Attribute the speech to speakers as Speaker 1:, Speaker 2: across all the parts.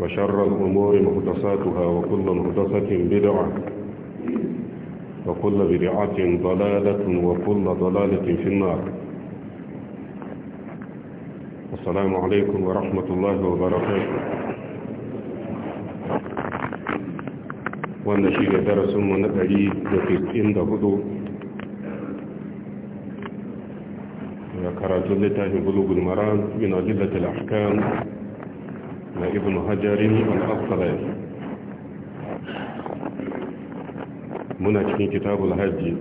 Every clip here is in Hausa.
Speaker 1: وشر الأمور مهدساتها وكل مهدسة بدعة وكل بدعة ضلالة وكل ضلالة في النار السلام عليكم ورحمة الله وبركاته والنشيد درس ونبعي دفت إند هدو يا كراجل لتاه بلوغ المران من أجلة الأحكام na ibn hajarin al'asarai muna cikin kitabul hajji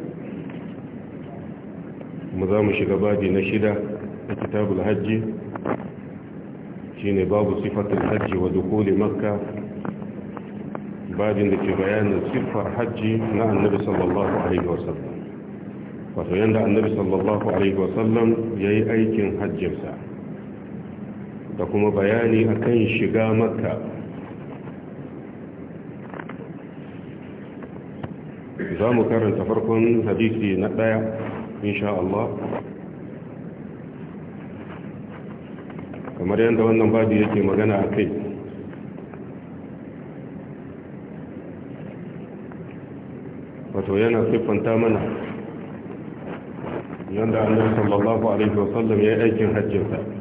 Speaker 1: mu za mu shiga babi na shida a kitabul hajji shine babu sifatul hajji wa dukuli makka babin da ke bayanin siffar hajji na annabi sallallahu alaihi wasallam wato yanda annabi sallallahu alaihi wasallam ya yi aikin hajjinsa da kuma bayani akan shiga makka za mu karanta farkon hadisi na ɗaya insha Allah kamar yadda wannan babu yake magana a kai wato yana siffanta mana yadda annabi sallallahu alaihi wasallam ya yi aikin hajjinsa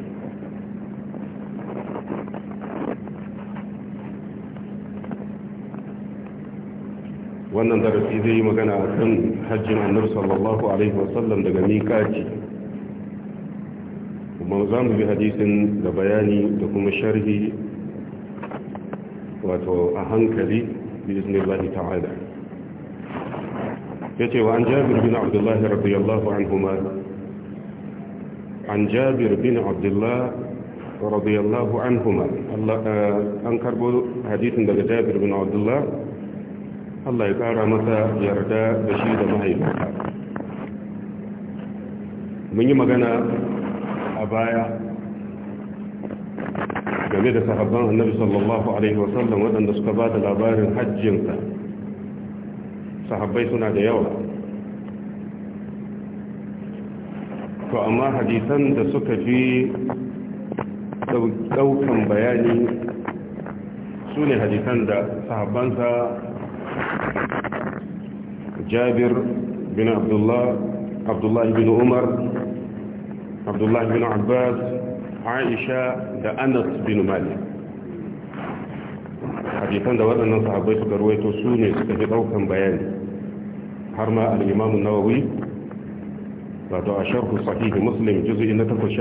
Speaker 1: wannan darasi zai yi magana a kan hajjin annabi sallallahu alaihi wasallam daga miƙaci kuma za mu bi hadisin da bayani da kuma sharhi wato a hankali Allah ta'ala yace wa an jabir bin abdullah radiyallahu anhuma an jabir bin abdullah radiyallahu anhuma an karbo hadisin daga jabir bin abdullah Allah ya ƙara masa yarda da shi da mahaifinta mun yi magana a baya game da sahabban annabi sallallahu alaihi wasallam waɗanda suka ba da labarin hajjinsa sahabbai suna da yawa to amma hadisan da suka fi ɗaukan bayani su ne hadisan da sahabbansa جابر بن عبد الله عبد الله بن عمر عبد الله بن عباس عائشة دا بن مالك حديثا waɗannan sahabai suka ruwaito su ne suka bayani har ma al'imamun nawawi wato a sharhu sahihi muslim juzu'i na takwas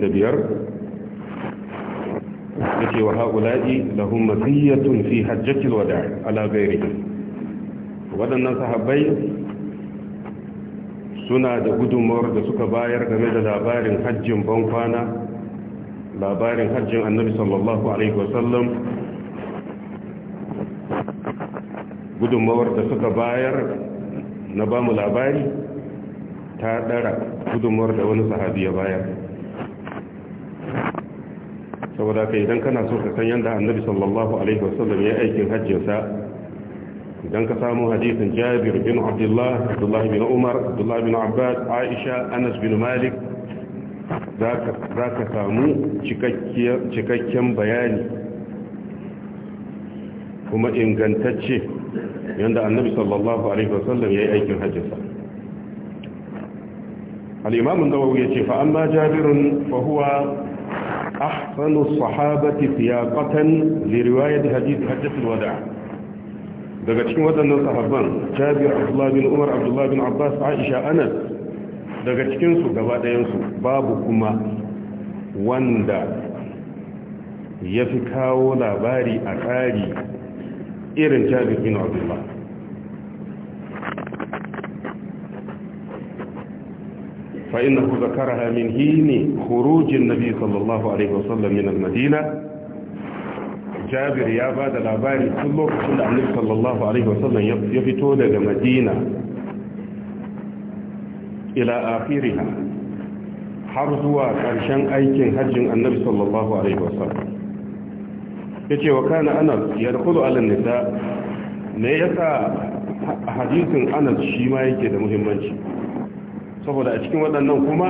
Speaker 1: da biyar? yace wa haula'i lahum masiyatun fi hajjatil wada' ala ghairihim wadannan sahabbai suna da gudunmawar da suka bayar game da labarin hajjin ban kwana labarin hajjin annabi sallallahu alaihi wasallam gudunmawar da suka bayar na ba mu labari ta ɗara gudunmawar da wani sahabi ya bayar saboda ka idan kana so ka san yadda annabi sallallahu alaihi wasallam ya aikin hajjinsa idan ka samu hadisin jabir bin abdullah abdullah bin umar abdullah bin abbas aisha anas bin malik za ka samu cikakken bayani kuma ingantacce yadda annabi sallallahu alaihi wasallam ya yi aikin hajjinsa al'imamun dawawu ya ce fa'an ba jabirin huwa. أحسن الصحابة سياقة لرواية حديث حجة الوداع daga cikin waɗannan sahabban jabir abdullahi bin umar abdullahi bin abbas aisha anas daga cikinsu gaba ɗayansu babu kuma wanda ya fi kawo labari a tsari irin jabir bin abdullahi فإنه ذكرها من حين خروج النبي صلى الله عليه وسلم من المدينة جابر يا بعد الأباري كله كل النبي صلى الله عليه وسلم يفتو لغا مدينة إلى آخرها حرزوا قرشان أيكين هج النبي صلى الله عليه وسلم يتي وكان أنس يدخل على النساء ne yasa hadisin anas shi ma yake da muhimmanci saboda a cikin waɗannan kuma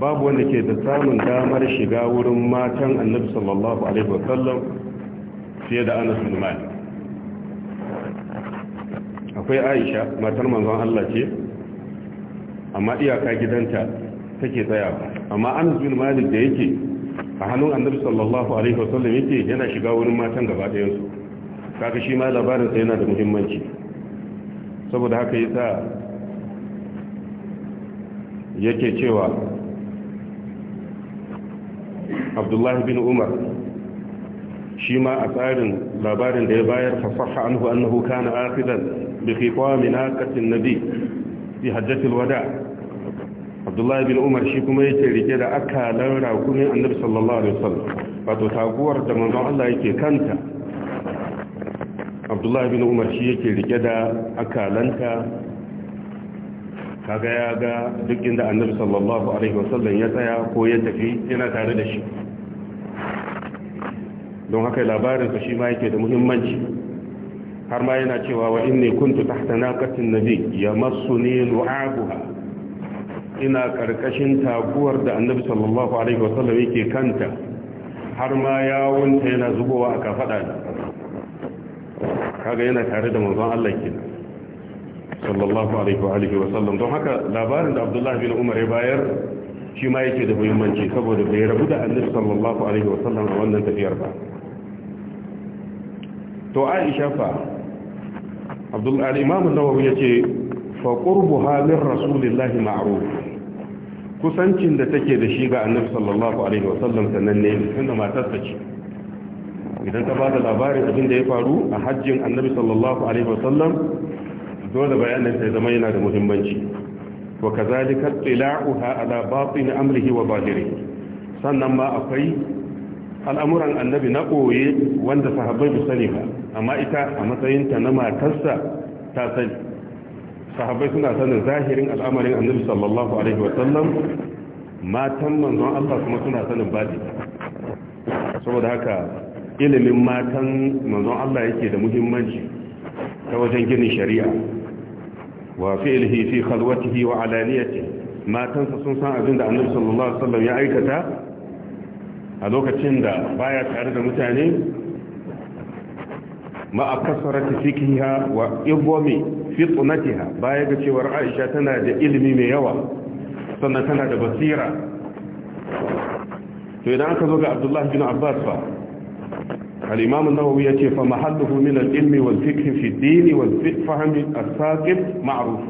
Speaker 1: babu wanda ke da samun damar shiga wurin matan annabi sallallahu alaihi wasallam fiye da anas bin malik akwai aisha matar manzon Allah ce amma iyaka gidanta take tsaya amma anas bin malik da yake a hannun annabi sallallahu alaihi wasallam yake yana shiga wurin matan gaba ɗayan su kaga shi ma labarin sa yana da muhimmanci saboda haka yasa yake cewa abdullahi bin umar shi ma a tsarin labarin da ya bayar fasaha anhu annahu kana akidan bi khitami naqatin nabi fi hajjatil wada abdullahi bin umar shi kuma yake rike da akalan rakumin annabi sallallahu alaihi wasallam wato taguwar da manzon Allah yake kanta abdullahi bin umar shi yake rike da akalanta kaga ya ga duk inda annabi sallallahu alaihi wasallam ya tsaya ko ya tafi yana tare da shi don haka labarinsa shi ma yake da muhimmanci har ma yana cewa wa inni kuntu tahta naqatin nabi yamassuni lu'abuha ina karkashin taguwar da annabi sallallahu alaihi wasallam yake kanta har ma yawunta yana zubowa a kafada kaga yana tare da manzon Allah kenan sallallahu alaihi wa sallam don haka labarin da abdullahi bin umar ya bayar shi ma yake da muhimmanci saboda bai rabu da annabi sallallahu alaihi wa sallam a wannan tafiyar ba to aisha fa abdul al-imam an-nawawi yace fa qurbuha min rasulillahi ma'ruf kusancin da take da shi ga annabi sallallahu alaihi wa sallam sannan ne tunda matarsa ce idan ka bada labarin abin da ya faru a hajjin annabi sallallahu alaihi wa sallam dole bayanin sai zama yana da muhimmanci wa kazalika tilauha ala batin amrihi wa zahirihi sannan ma akwai al'amuran annabi na koye wanda sahabbai bu sani ba amma ita a matsayin ta na matarsa ta sani sahabbai suna sanin zahirin al'amarin annabi sallallahu alaihi wa sallam matan manzon Allah kuma suna sanin baɗi saboda haka ilimin matan manzon Allah yake da muhimmanci ta wajen ginin shari'a wa fi'lihi fi khalwatihi wa alaniyati matansa sun san abin da annabi sallallahu alaihi wasallam ya aikata a lokacin da baya tare da mutane ma a kasarata wa ibomi fitnatiha baya ga cewar Aisha tana da ilimi mai yawa sannan tana da basira to idan aka zo ga Abdullah bin Abbas fa al-imam ya ce yace fa mahalluhu min ilmi wal fiqh fi ad wal fahm as-saqib ma'ruf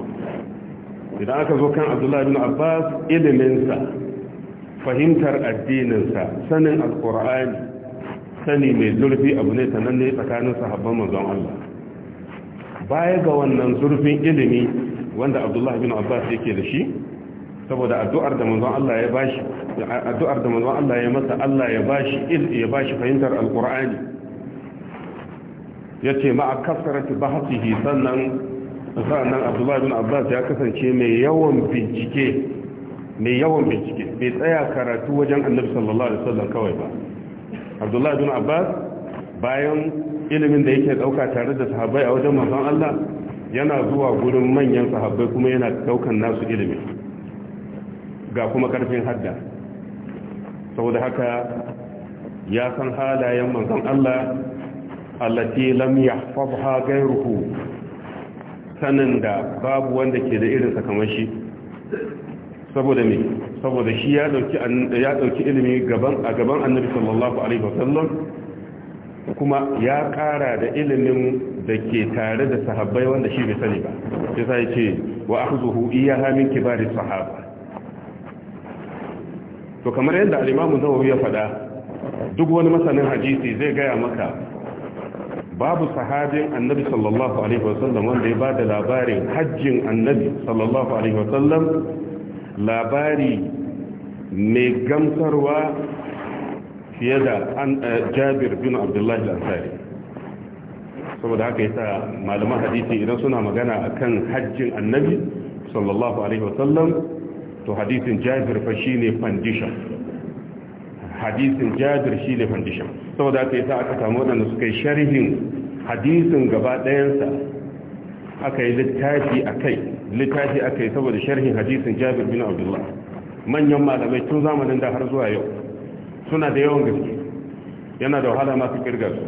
Speaker 1: idan aka zo kan abdullahi ibn abbas ilimin sa fahimtar addinin sa sanin al sani mai zurfi abu ne sananne tsakanin sahabban manzon Allah baya ga wannan zurfin ilimi wanda abdullahi ibn abbas yake da shi saboda addu'ar da manzon Allah ya bashi addu'ar da manzo Allah ya masa Allah ya bashi il ya bashi fahimtar alqur'ani yace ma kasarati bahsihi sannan sannan abdullahi Abbas ya kasance mai yawan bincike mai yawan bincike bai tsaya karatu wajen Annabi sallallahu alaihi wasallam kawai ba Abdullahi bin Abbas bayan ilimin da yake dauka tare da sahabbai a wajen manzon Allah yana zuwa gurin manyan sahabbai kuma yana daukan nasu ilimi ga kuma karfin hadda saboda haka ya san halayen manzon Allah allati lam yahfazha ghayruhu sanin da babu wanda ke da irin sa kamar shi saboda me saboda shi ya dauki ya dauki ilimi gaban a gaban Annabi sallallahu alaihi wasallam kuma ya kara da ilimin da ke tare da sahabbai wanda shi bai sani ba sai sai ce wa akhuzuhu iyyaha min kibari sahaba to kamar yadda al-imamu ya faɗa duk wani masanin hadisi zai gaya maka babu sahabin annabi sallallahu alaihi wasallam wanda ya bada labarin hajjin annabi sallallahu alaihi wasallam labari mai gamsarwa fiye da eh, jabir bin abdullahi al-ansari saboda haka yasa malaman hadisi idan suna magana akan hajjin annabi sallallahu alaihi wasallam to hadisin jabir fa shine foundation hadisin jabir shine foundation saboda yi yasa aka samu wadanda suka yi sharhin hadisin gaba ɗayansa aka yi littafi akai littafi akai saboda sharhin hadisin jabir bin abdullah manyan malamai tun zamanin da har zuwa yau suna da yawan gaske yana da wahala masu kirga su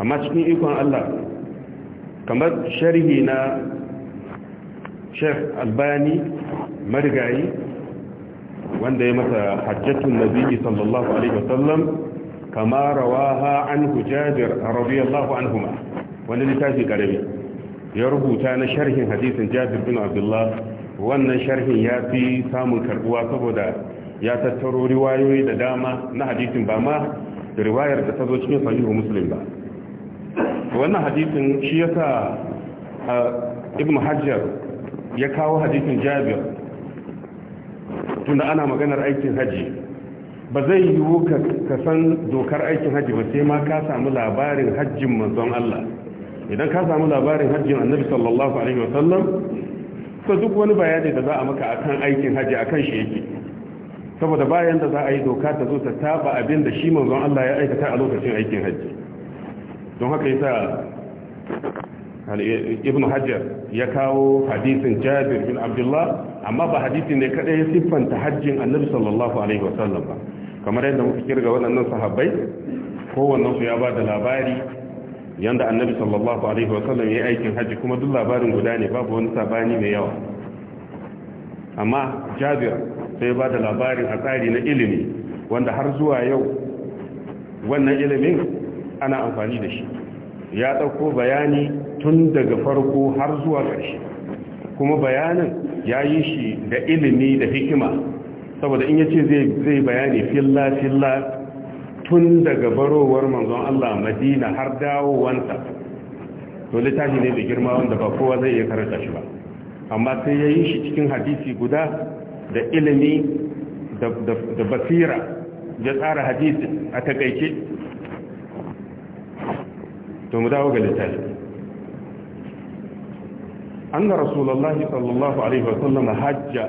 Speaker 1: amma cikin ikon Allah kamar sharhi na Sheikh Albani marigayi wanda ya masa hajjatun nabi sallallahu alaihi wasallam kama rawaha an hujajir radiyallahu anhuma wanda littafin karami ya rubuta na sharhin hadisin jabir bin abdullah wannan sharhin ya fi samun karbuwa saboda ya tattaro riwayoyi da dama na hadisin ba ma da riwayar da ta zo cikin sahihu muslim ba wannan hadisin shi yasa ibn hajjar ya kawo hadisin jabir tunda ana maganar aikin haji ba zai yiwu ka san dokar aikin haji ba sai ma ka samu labarin hajjin manzon Allah idan ka samu labarin hajjin annabi sallallahu alaihi wa sallam to duk wani bayani da za a maka akan aikin haji akan shi yake saboda bayan da za a yi doka ta zo ta taba abin da shi manzon Allah ya aikata a lokacin aikin haji don haka yasa E, ibn hajjar ya kawo hadisin jabir bin abdullah amma ba hadisi ne kadai ya siffanta hajjin annabi sallallahu alaihi wasallam ba kamar yadda muka kirga waɗannan sahabbai kowannen su ya ba da labari yadda annabi sallallahu alaihi wasallam ya aikin hajji kuma duk labarin guda ne babu wani sabani mai yawa amma jabir sai ba da labarin a tsari na ilimi wanda har zuwa yau wannan ilimin ana amfani da shi ya ɗauko bayani tun daga farko har zuwa ƙarshe kuma bayanin ya yi shi da ilimi da hikima saboda in yace zai bayani filla-filla tun daga barowar manzon Allah madina har dawo wanta to littafi ne da girma wanda ba kowa zai iya karanta shi ba amma sai ya yi shi cikin hadisi guda da ilimi da basira ya tsara hadisi a takaice to mu dawo ga littafi anna rasulullahi sallallahu alaihi wasallam hajja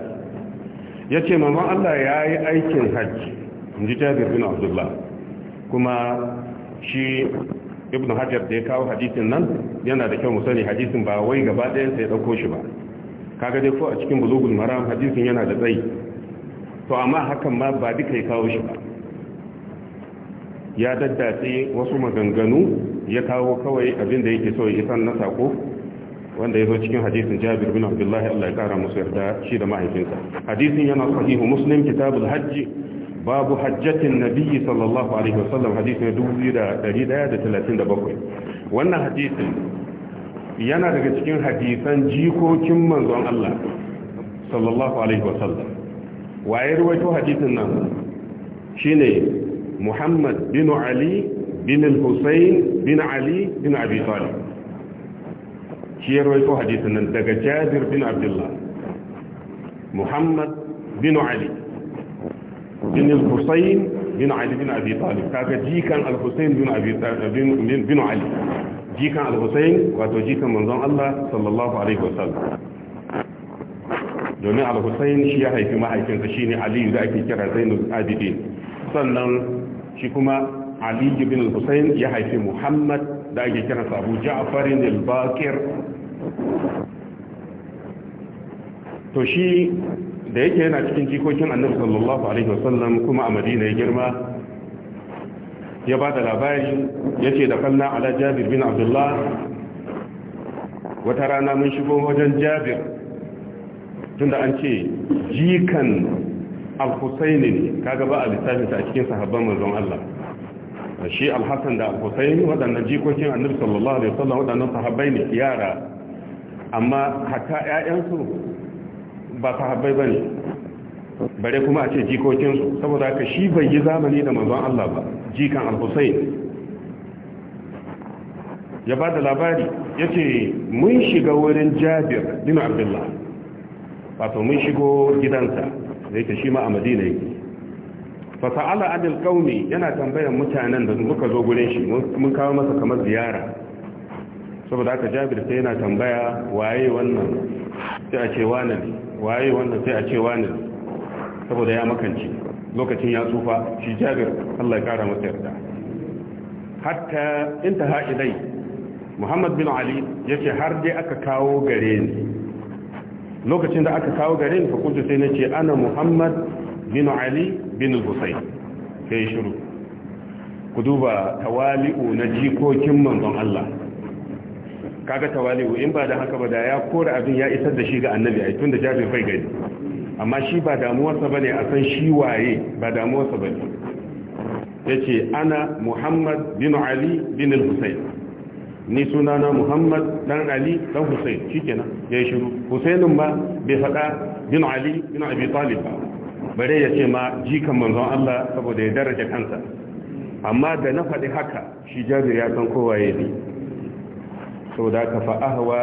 Speaker 1: yace mama Allah yayi aikin hajji inji Jabir bin Abdullah kuma shi ibnu Hajar da ya kawo hadisin nan yana da kyau mu sani hadisin ba wai gaba ɗayan sai ya dauko shi ba kaga dai ko a cikin bulugul maram hadisin yana da tsayi to amma hakan ma ba duka ya kawo shi ba ya daddace wasu maganganu ya kawo kawai abin da yake so ya san na sako wanda ya zo cikin hadisin jabir bin abdullah Allah ya kara musu yarda shi da mahaifinsa hadisin yana sahihu muslim kitabul hajj babu hajjatin nabiyyi sallallahu alaihi wasallam hadisi na 2137 wannan hadisin yana daga cikin hadisan jikokin manzon Allah sallallahu alaihi wasallam waye ruwaito hadisin nan shine Muhammad bin Ali bin Hussein bin Ali bin Abi Talib shi ya rawaito hadisin nan daga jabir bin abdullah muhammad bin ali bin al-husayn bin ali bin abi talib kaga jikan al-husayn bin abi bin ali jikan al-husayn wato jikan manzon Allah sallallahu alaihi wa wasallam domin al-husayn shi ya haifi mahaifinsa shine ali da ake kira zainul abidin sannan shi kuma ali bin al-husayn ya haifi muhammad da ake kiransa abu ja'farin al to shi da yake yana cikin jikokin annabi sallallahu alaihi wasallam kuma a madina ya girma ya ba da labari ya ce da kalla ala jabir bin abdullah wata rana mun shigo wajen jabir tunda an ce jikan al-husaini ne kaga ba a lissafinsa a cikin sahabban manzon Allah shi alhassan da alhussein waɗannan jikokin annabi sallallahu alaihi wasallam waɗannan sahabbai ne yara amma hatta ƴaƴansu ba sahabbai ba ne bare kuma a ce jikokinsu saboda haka shi bai yi zamani da manzon Allah ba jikan alhussein ya ba da labari yace mun shiga wurin jabir bin abdullah wato mun shigo gidansa da yake shi ma a madina yake fa sa'ala anil qaumi yana tambayar mutanen da suka zo gure shi mun kawo masa kamar ziyara saboda aka Jabir sai yana tambaya waye wannan sai a ce wani waye wannan sai a ce wani saboda ya makanci lokacin ya tsufa shi Jabir Allah ya kara masa yarda hatta intaha dai, Muhammad bin Ali ya ce har dai aka kawo gare ni lokacin da aka kawo gare ni fa kuntu sai ce ana Muhammad bin ali bin husayn sai shiru ku duba tawali'u na jikokin manzon Allah kaga tawali'u in ba da haka ba da ya kora abin ya isar da shi ga annabi ai tunda jabir bai gani amma shi ba damuwarsa bane a san shi waye ba damuwarsa bane yace ana muhammad bin ali bin husayn ni sunana muhammad dan ali dan husayn shikenan ya shiru husaynun ba bai faɗa bin ali bin abi talib ba bare ya ce ma jikan manzon Allah saboda ya daraja kansa amma da na faɗi haka shi jabir ya san kowa ya ne saboda ka fa'ahwa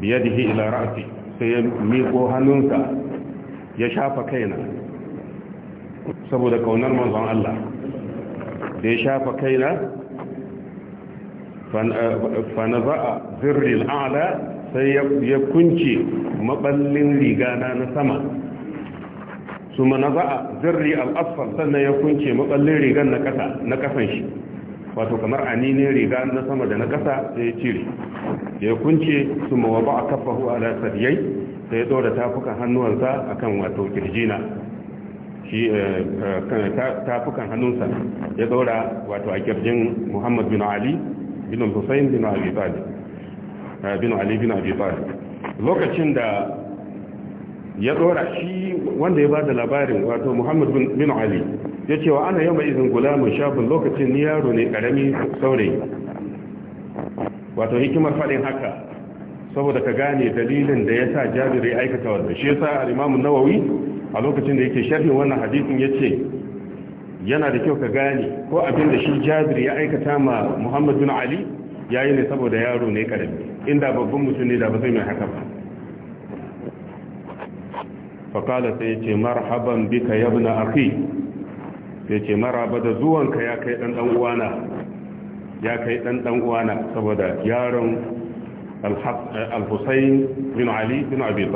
Speaker 1: biyadihi ila ra'si sai ya miƙo hannunsa ya shafa kaina saboda kaunar manzon Allah da ya shafa kaina fanaza'a zirrin a'la sai ya kunce maɓallin rigana na sama su za'a zirri al'asfal sannan ya kunce matsallin rigar na ƙasa na ƙasan shi wato kamar a aninin riga na sama da na ƙasa sai ya cire ya kunce su ba a a ala sadiyai sai ya dora tafukan hannuwansa kan wato kirjina shi eh, eh, tafukan hannunsa ya dora wato a kirjin muhammad bin ali bin hussein bin abi eh, ali bin abi talib lokacin da ya dora shi wanda ya ba da labarin wato Muhammad bin Ali ya ce wa ana yau mai izin gulamun shafin lokacin ni yaro ne karami saurayi wato hikimar faɗin haka saboda ka gane dalilin da ya sa ya aikata shi yasa imam Nawawi a lokacin da yake sharhin wannan hadisin ya ce yana da kyau ka gane ko abin da shi jabiri ya aikata ma Muhammad bin Ali yayi ne saboda yaro ne karami inda babban mutum ne da ba zai mai haka ba faƙala sai ya ce marhaban bika yabna akhi sai ce maraba da zuwanka ya kai ɗan ya kai ɗan saboda yaron al bin ali bin abi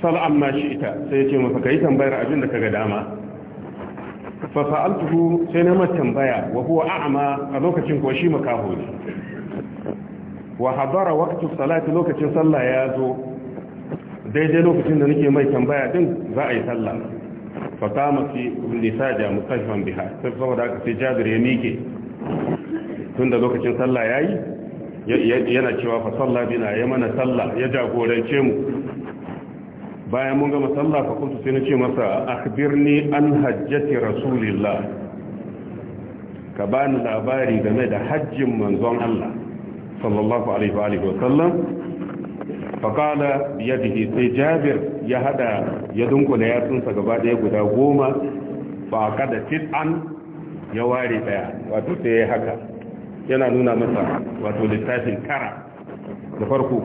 Speaker 1: sal'am ma shi ita sai ya ce masa ka yi tambayar abin da ga dama fa sa'altuhu sai na mata tambaya wa huwa a'ma a lokacin ko shi makaho ne wa hadara waqtu salati lokacin sallah ya zo daidai lokacin da nake mai tambaya din za a yi sallah fa kama fi lisaja mustashfan biha sai saboda aka sai jabir ya mike tun da lokacin sallah ya yi, yana cewa fa sallah bina ya mana sallah ya jagorance mu bayan mun gama sallah fa kuntu sai na ce masa akhbirni an hajjati rasulillah ka bani labari game da hajjin manzon Allah sallallahu alaihi wa alihi wa sallam فقال بيده سي جابر يهدى يدنك لا يسنس قبا دي قدا قوما فأقد تسعا يواري بيا واتو سي حكا ينا نونا مسا واتو لساس الكرا نفرقو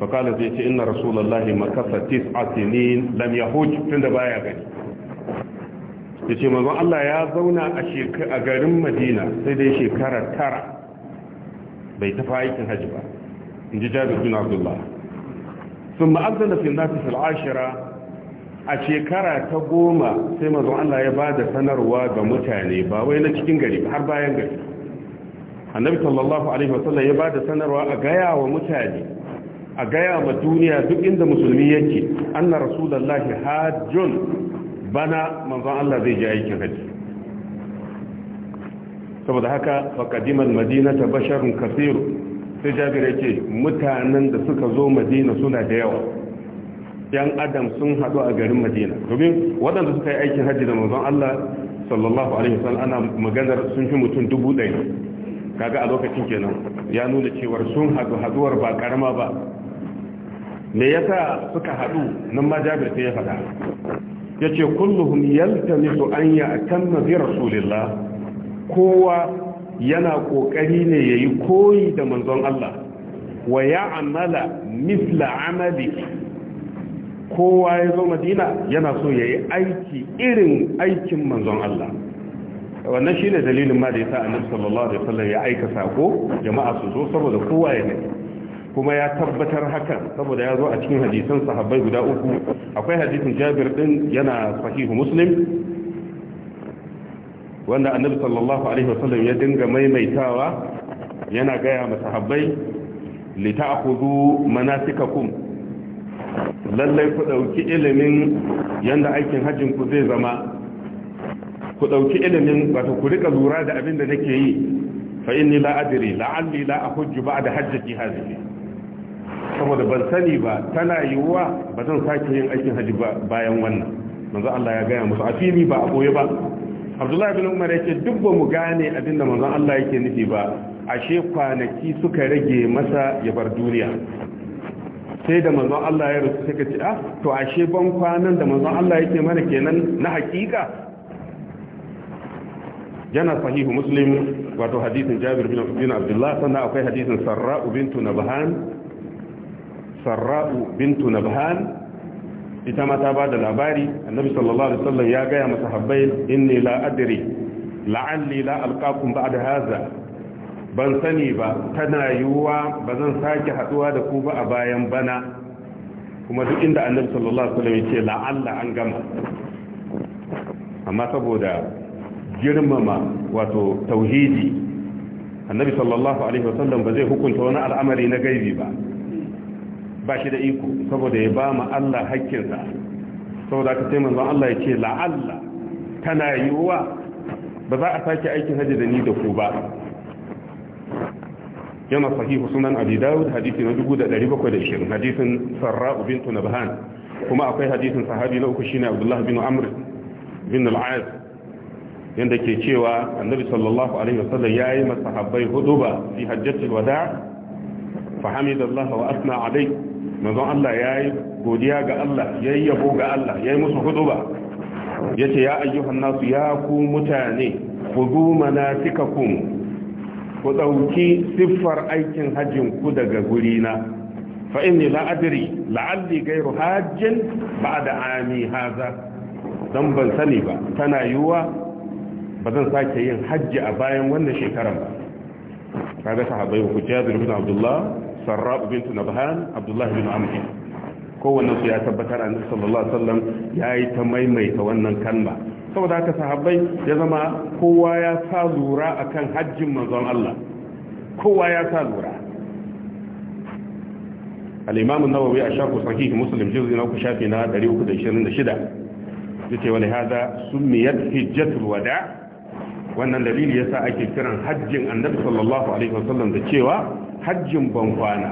Speaker 1: فقال زي إن رسول الله مكث تسع سنين لم يهوج تند بايا غني يشي مغو الله يا زونا أشيك أغرم مدينة سيدي شكرا كرا بيتفايت هجبا انجي جابر بن عبد الله sun ma'azana filnati ashira a shekara ta goma sai mazan Allah ya ba da sanarwa ga mutane ba wai na cikin gari har bayan gari annabi sallallahu alaihi wasallam ya ba da sanarwa a gaya wa mutane a gaya wa duniya duk inda musulmi yake anna rasulullahi hajjun bana manzon Allah zai ji aikin haji saboda haka faqadimal madinata basharun kaseeru sai jabir yake mutanen da suka zo madina suna da yawa yan adam sun hadu a garin madina domin waɗanda suka yi aikin hajji da mazan Allah sallallahu alaihi wasallam ana maganar sun fi mutum dubu ɗaya kaga a lokacin kenan ya nuna cewa sun hadu haduwar ba karama ba me yasa suka hadu nan ma jabir sai ya faɗa yace kulluhum yaltamisu an ya'tamma bi rasulillah kowa yana kokari ne yayi koyi da manzon Allah wa ya amala misla amali kowa ya zo madina yana so yayi aiki irin aikin manzon Allah wannan shine dalilin ma da yasa annabi sallallahu alaihi wasallam ya aika sako jama'a su zo saboda kowa ya ne kuma ya tabbatar hakan saboda ya zo a cikin hadisan sahabbai guda uku akwai hadisin Jabir din yana sahihu Muslim wanda annabi sallallahu alaihi wasallam ya dinga maimaitawa yana gaya masa habbai lita'khudhu manasikakum lallai ku dauki ilimin yanda aikin hajjin ku zai zama ku dauki ilimin wato ku rika lura da abin da nake yi fa inni la adri la'alli la ahujju ba'da hajjati hadhihi saboda ban sani ba tana yiwuwa ba zan sake yin aikin hajji bayan wannan manzo Allah ya gaya musu a ba a boye ba abdullahi bin umar yake duk ba mu gane abin da manzon Allah yake nufi ba ashe kwanaki suka rage masa ya bar duniya sai da manzon Allah ya rusu suka ce ah to ashe ban kwanan da manzon Allah yake mana kenan na hakika yana sahihu muslim wato hadisin jabir bin abdullah sannan akwai hadisin sarra'u bintu nabhan sarra'u bintu nabhan ita ma ta ba da labari annabi sallallahu alaihi wasallam ya gaya masa habbai inni la adri la'alli la alqakum ba'da hadha ban sani ba tana yiwuwa ba zan sake haduwa da ku ba a bayan bana kuma duk inda annabi sallallahu alaihi wasallam ya ce la'alla an gama amma saboda girmama wato tauhidi annabi sallallahu alaihi wasallam ba zai hukunta wani al'amari na gaibi ba ba shi da iko saboda ya ba mu Allah hakkinsa saboda ka sai manzon Allah ya ce la'alla tana yiwuwa ba za a sake aikin haji da ni da ku ba yana sahihu sunan abi dawud hadisi na 1720 hadisin sarra bint nabhan kuma akwai hadisin sahabi na uku shine abdullah bin amr bin al-aas yanda ke cewa annabi sallallahu alaihi wasallam yayi masahabbai huduba fi hajjatul wada' فحمد الله وأثنى عليه manzon Allah ya yi godiya ga Allah ya yi yabo ga Allah ya yi musu ba. ya ce ya ayyuhan nasu ya ku mutane ku zu manatikakum ku ɗauki siffar aikin hajjin ku daga gurina fa inni la la'alli ghayru hajjin ba'da ami haza dan ban sani ba tana yiwuwa ba zan sake yin hajji a bayan wannan shekaran ba kaga sahabbai ku Jabir ibn Abdullah sarra'u bint nabhan abdullahi bin amr kowannen su ya tabbatar annabi sallallahu alaihi wasallam yayi ta maimaita wannan kalma saboda haka sahabbai ya zama kowa ya sa lura akan hajjin manzon Allah kowa ya sa lura al-imam an-nawawi a sharh sahih muslim juz'i na 3 shafi na 326 yace wala hada summiyat hijjatul wada' wannan dalili yasa ake kiran hajjin annabi sallallahu alaihi wasallam da cewa hajjin ban kwana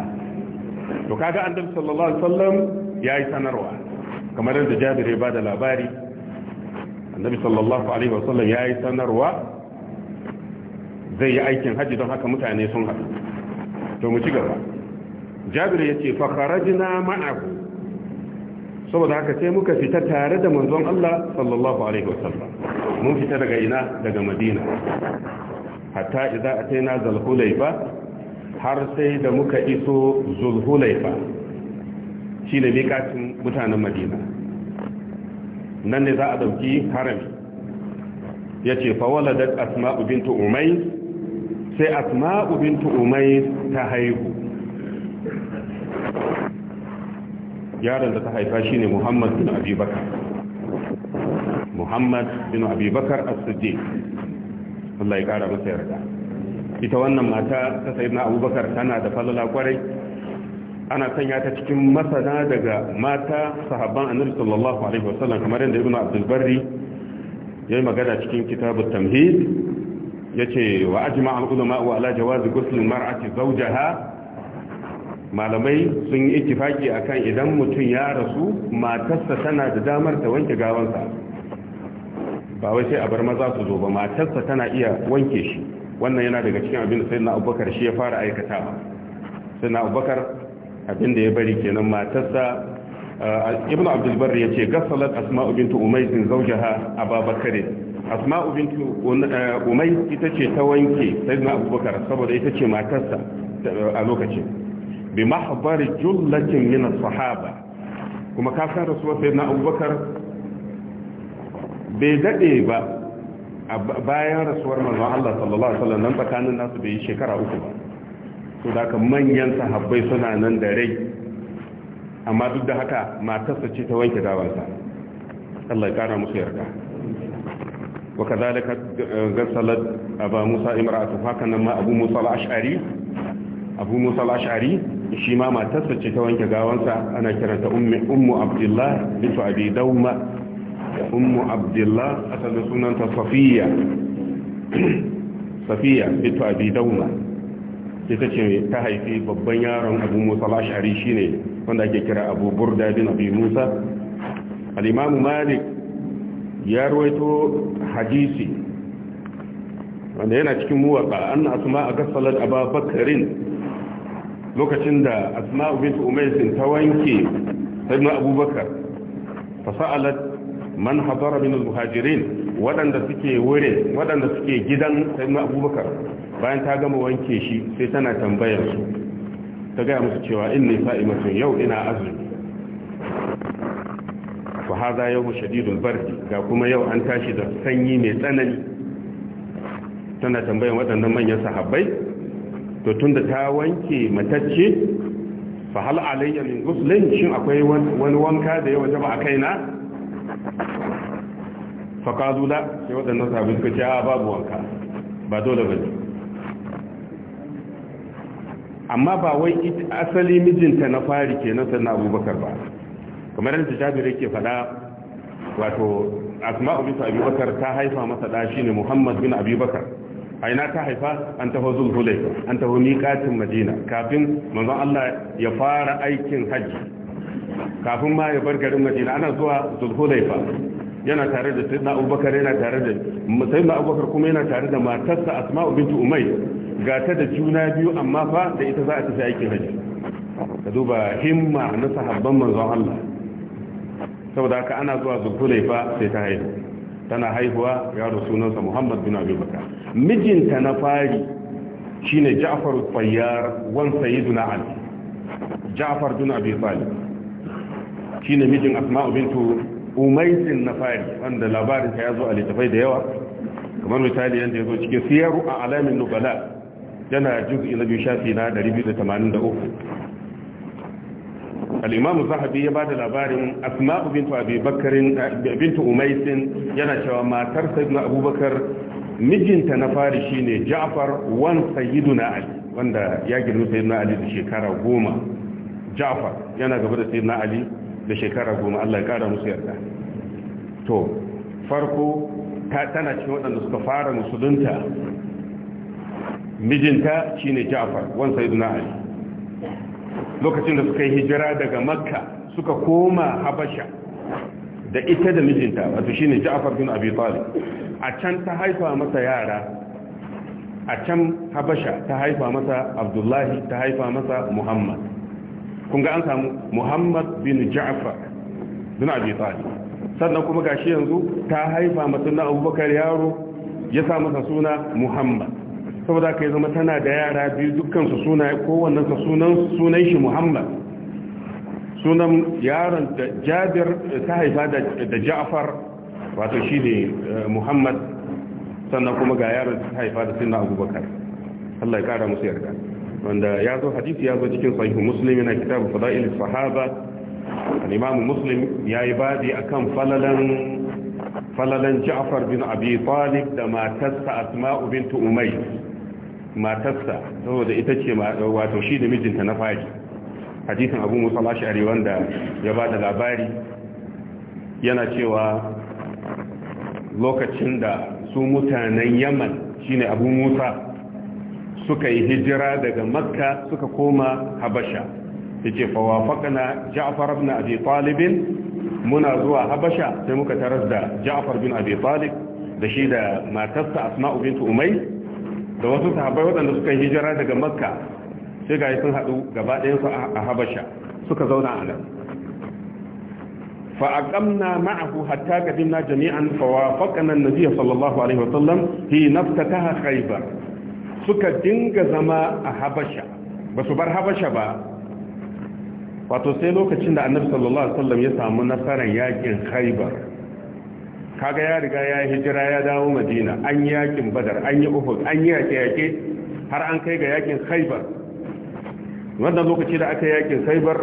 Speaker 1: to kaga annabi sallallahu alaihi wasallam yayi sanarwa kamar da Jabir ya bada labari annabi sallallahu alaihi wasallam yayi sanarwa zai yi aikin haji don haka mutane sun haɗu to mu ci gaba Jabir yace fa kharajna ma'ahu saboda haka sai muka fita tare da manzon Allah sallallahu alaihi wasallam mun fita daga ina daga Madina hatta idza ataina zulhulayfa har sai da muka iso zulhulayfa shine miƙatin mutanen Madina nan ne za a dauki harami yace fa waladat asma'u bintu umays sai asma'u bintu tu'umai ta haihu yaron da ta haifa shine Muhammad bin Abi Muhammad bin Abi Bakar as-Siddiq Allah ya kara masa yarda ita wannan mata ta sayyidina Abubakar tana da falala kwarai ana sanya ta cikin masana daga mata sahabban annabi sallallahu alaihi wasallam kamar yadda Ibn Abdul Barri yayi magana cikin kitabut tamhid yace wa ajma'al ulama wa ala jawazi ghusl mar'ati zawjaha malamai sun yi ittifaki akan idan mutum ya rasu matarsa tana da damar ta wanke gawansa ba wai sai a bar maza su zo ba matarsa tana iya wanke shi wannan yana daga cikin abin da sai na abubakar shi ya fara aikatawa sai na abubakar abin da ya bari kenan matarsa uh, ibn abdulbar ya ce gasalat asma'u bintu umaisin a ababakare asma'u bintu uh, Umai ita ce ta wanke sai na abubakar saboda ita ce matarsa uh, a lokacin bi mahbar jullatin min sahaba kuma ka san rasuwar na abubakar bai dade ba bayan rasuwar manzon Allah sallallahu alaihi wasallam nan tsakanin nasu bai shekara uku ba to da haka manyan sahabbai suna nan da rai amma duk da haka matarsa ce ta wanke dawansa Allah ya kara musu yarda wa kadhalika gasalat aba musa imra'atu hakanan ma abu musa al-ash'ari abu musa al-ash'ari shi ma matarsa ce ta wanke gawansa ana kiranta ummu abdullah bintu abi dauma ummu abdullah asalin sunanta safiya safiya bintu abi dauma ita ce ta haifi babban yaron abu musa lashari shine wanda ake kira abu burda bin abi musa al malik ya ruwaito hadisi wanda yana cikin muwaka an asma a gasalar ababakarin lokacin da asma'u bint umaysin ta wanke sayyidina abubakar fasa'alat man hadara min al-muhajirin wadanda suke wurin wadanda suke gidan sayyidina abubakar bayan ta gama wanke shi sai tana tambayar su ta ga musu cewa inni sa'imatun yau ina azumi fa hadha yawm shadidul bard ga kuma yau an tashi da sanyi mai tsanani tana tambayar waɗannan manyan sahabbai to da ta wanke matacce fa hal alayya min ghuslin shin akwai wani wanka da ya wajaba a kaina fa qalu la sai wadannan sahabbai suka ce a babu wanka ba dole bane amma ba wai asali mijinta na fari kenan sannan abubakar ba kamar yadda jabir yake faɗa wato asma'u bintu abubakar ta haifa masa da shine muhammad bin abubakar a ina ta haifa an taho zulhulai an taho miƙatin madina kafin manzon Allah ya fara aikin hajji kafin ma ya bar garin madina ana zuwa zulhulai fa yana tare da sayyidina abubakar yana tare da sayyidina abubakar kuma yana tare da matarsa asma'u bintu umay ga ta da juna biyu amma fa da ita za a tafi aikin hajji ka duba himma na sahabban manzon Allah saboda haka ana zuwa zulhulai fa sai ta haihu tana haihuwa yaro sunansa muhammad bin abubakar mijinta na fari shine ja'far fayyar wan sayyiduna ali ja'far bin abi talib shine mijin asma'u bintu umaisin na fari wanda labarin ta yazo a littafai da yawa kamar misali yanda yazo cikin siyaru a alamin nubala yana juz'i na biyu shafi na 283 al'imamu zahabi ya ba da labarin asma'u bintu umaisin yana cewa matar sayyidina abubakar mijinta na fari shine ja'far wan sayyiduna ali wanda ya girma sayyidina ali da shekara goma ja'far yana gaba da sayyidina ali da shekara goma Allah ya kara musu yarda to farko ta tana cikin waɗanda suka fara musulunta mijinta shine ja'far wan lokacin da suka yi hijira daga makka suka koma habasha da ita da mijinta wato shine Ja'far bin Abi Talib a can ta haifa masa yara a can Habasha ta haifa masa Abdullahi ta haifa masa Muhammad kun ga an samu Muhammad bin Ja'far bin Abi Talib sannan kuma gashi yanzu ta haifa masa na Abubakar yaro ya sa masa suna Muhammad saboda ka yi zama tana da yara biyu dukkansu suna kowannensa sunan shi muhammad sunan yaron da jabir ta haifa da ja'afar wato shi ne eh, muhammad sannan kuma ga yaron ta haifa da sinna abubakar allah ya kara musu yarda wanda ya zo hadisi ya zo cikin sahihu muslim yana kitabu fada'il sahaba al-imam muslim yi badi akan falalan falalan ja'far bin abi talib da matarsa asma'u bintu umayr matarsa saboda ita ce wato shi da mijinta na fari hadisin abu musa lashari da ya ba da labari yana cewa lokacin da su mutanen yaman shine abu musa suka yi hijira daga makka suka koma habasha ya ce na ja'afar abin abi talibin muna zuwa habasha sai muka taras da ja'afar bin abi talib da shi da matarsa asma'u bintu umai da wasu sahabbai waɗanda suka hijira daga makka sai ga sun haɗu gaba ɗayansu a habasha suka zauna a nan Fa فأقمنا معه حتى قدمنا جميعا فوافقنا النبي sallallahu alaihi wa sallam, في نفتتها خيبر suka dinga zama a habasha ba su bar habasha ba wato sai lokacin da annabi sallallahu alaihi wa sallam ya samu nasarar yakin khaibar kaga ya riga ya hijira ya dawo madina an yi yakin badar an yi uhud an yi yake-yake har an kai ga yakin khaibar wannan lokaci da aka yakin khaibar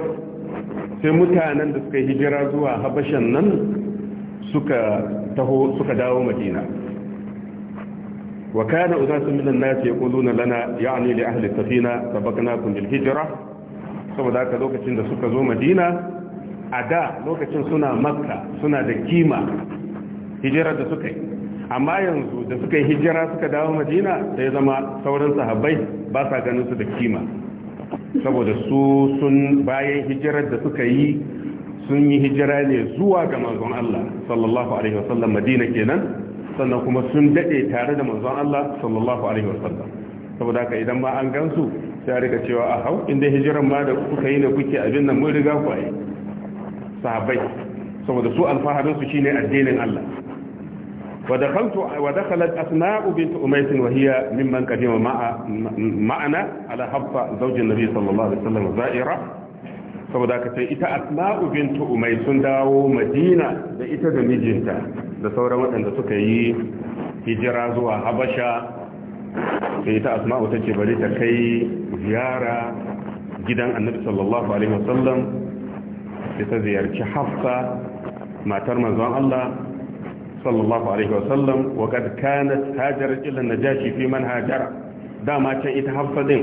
Speaker 1: sai mutanen da suka hijira zuwa habashan nan suka taho suka dawo madina Wa وكان أناس من الناس يقولون لنا يعني لأهل السفينة سبقناكم بالهجرة ثم lokacin da suka zo Madina a da lokacin suna makka suna da kima. hijira da suka yi amma yanzu da suka yi hijira suka dawo madina sai zama sauran sahabbai ba sa ganin su da kima saboda su sun bayan hijirar da suka yi sun yi hijira ne zuwa ga manzon Allah sallallahu alaihi wasallam madina kenan sannan kuma sun dade tare da manzon Allah sallallahu alaihi wasallam saboda haka idan ma an gansu sai a rika cewa a hau inda hijiran ma da kuka yi ne kuke abin nan mun riga ku ai sahabbai saboda su alfaharin su shine addinin Allah ودخلت ودخلت أسماء بنت أميس وهي ممن قدم مع معنا على حفصة زوج النبي صلى الله عليه وسلم زائرة saboda ka sai ita asma'u bintu umai sun dawo madina da ita da mijinta da sauran waɗanda suka yi hijira zuwa habasha sai ita asma'u ta ce bari ta kai ziyara gidan annabi sallallahu alaihi wasallam sai ta ziyarci hafsa matar manzon Allah sallallahu alaihi wasallam wa kad kanat hajarat ila najashi fi man hajara dama can ita hafsa din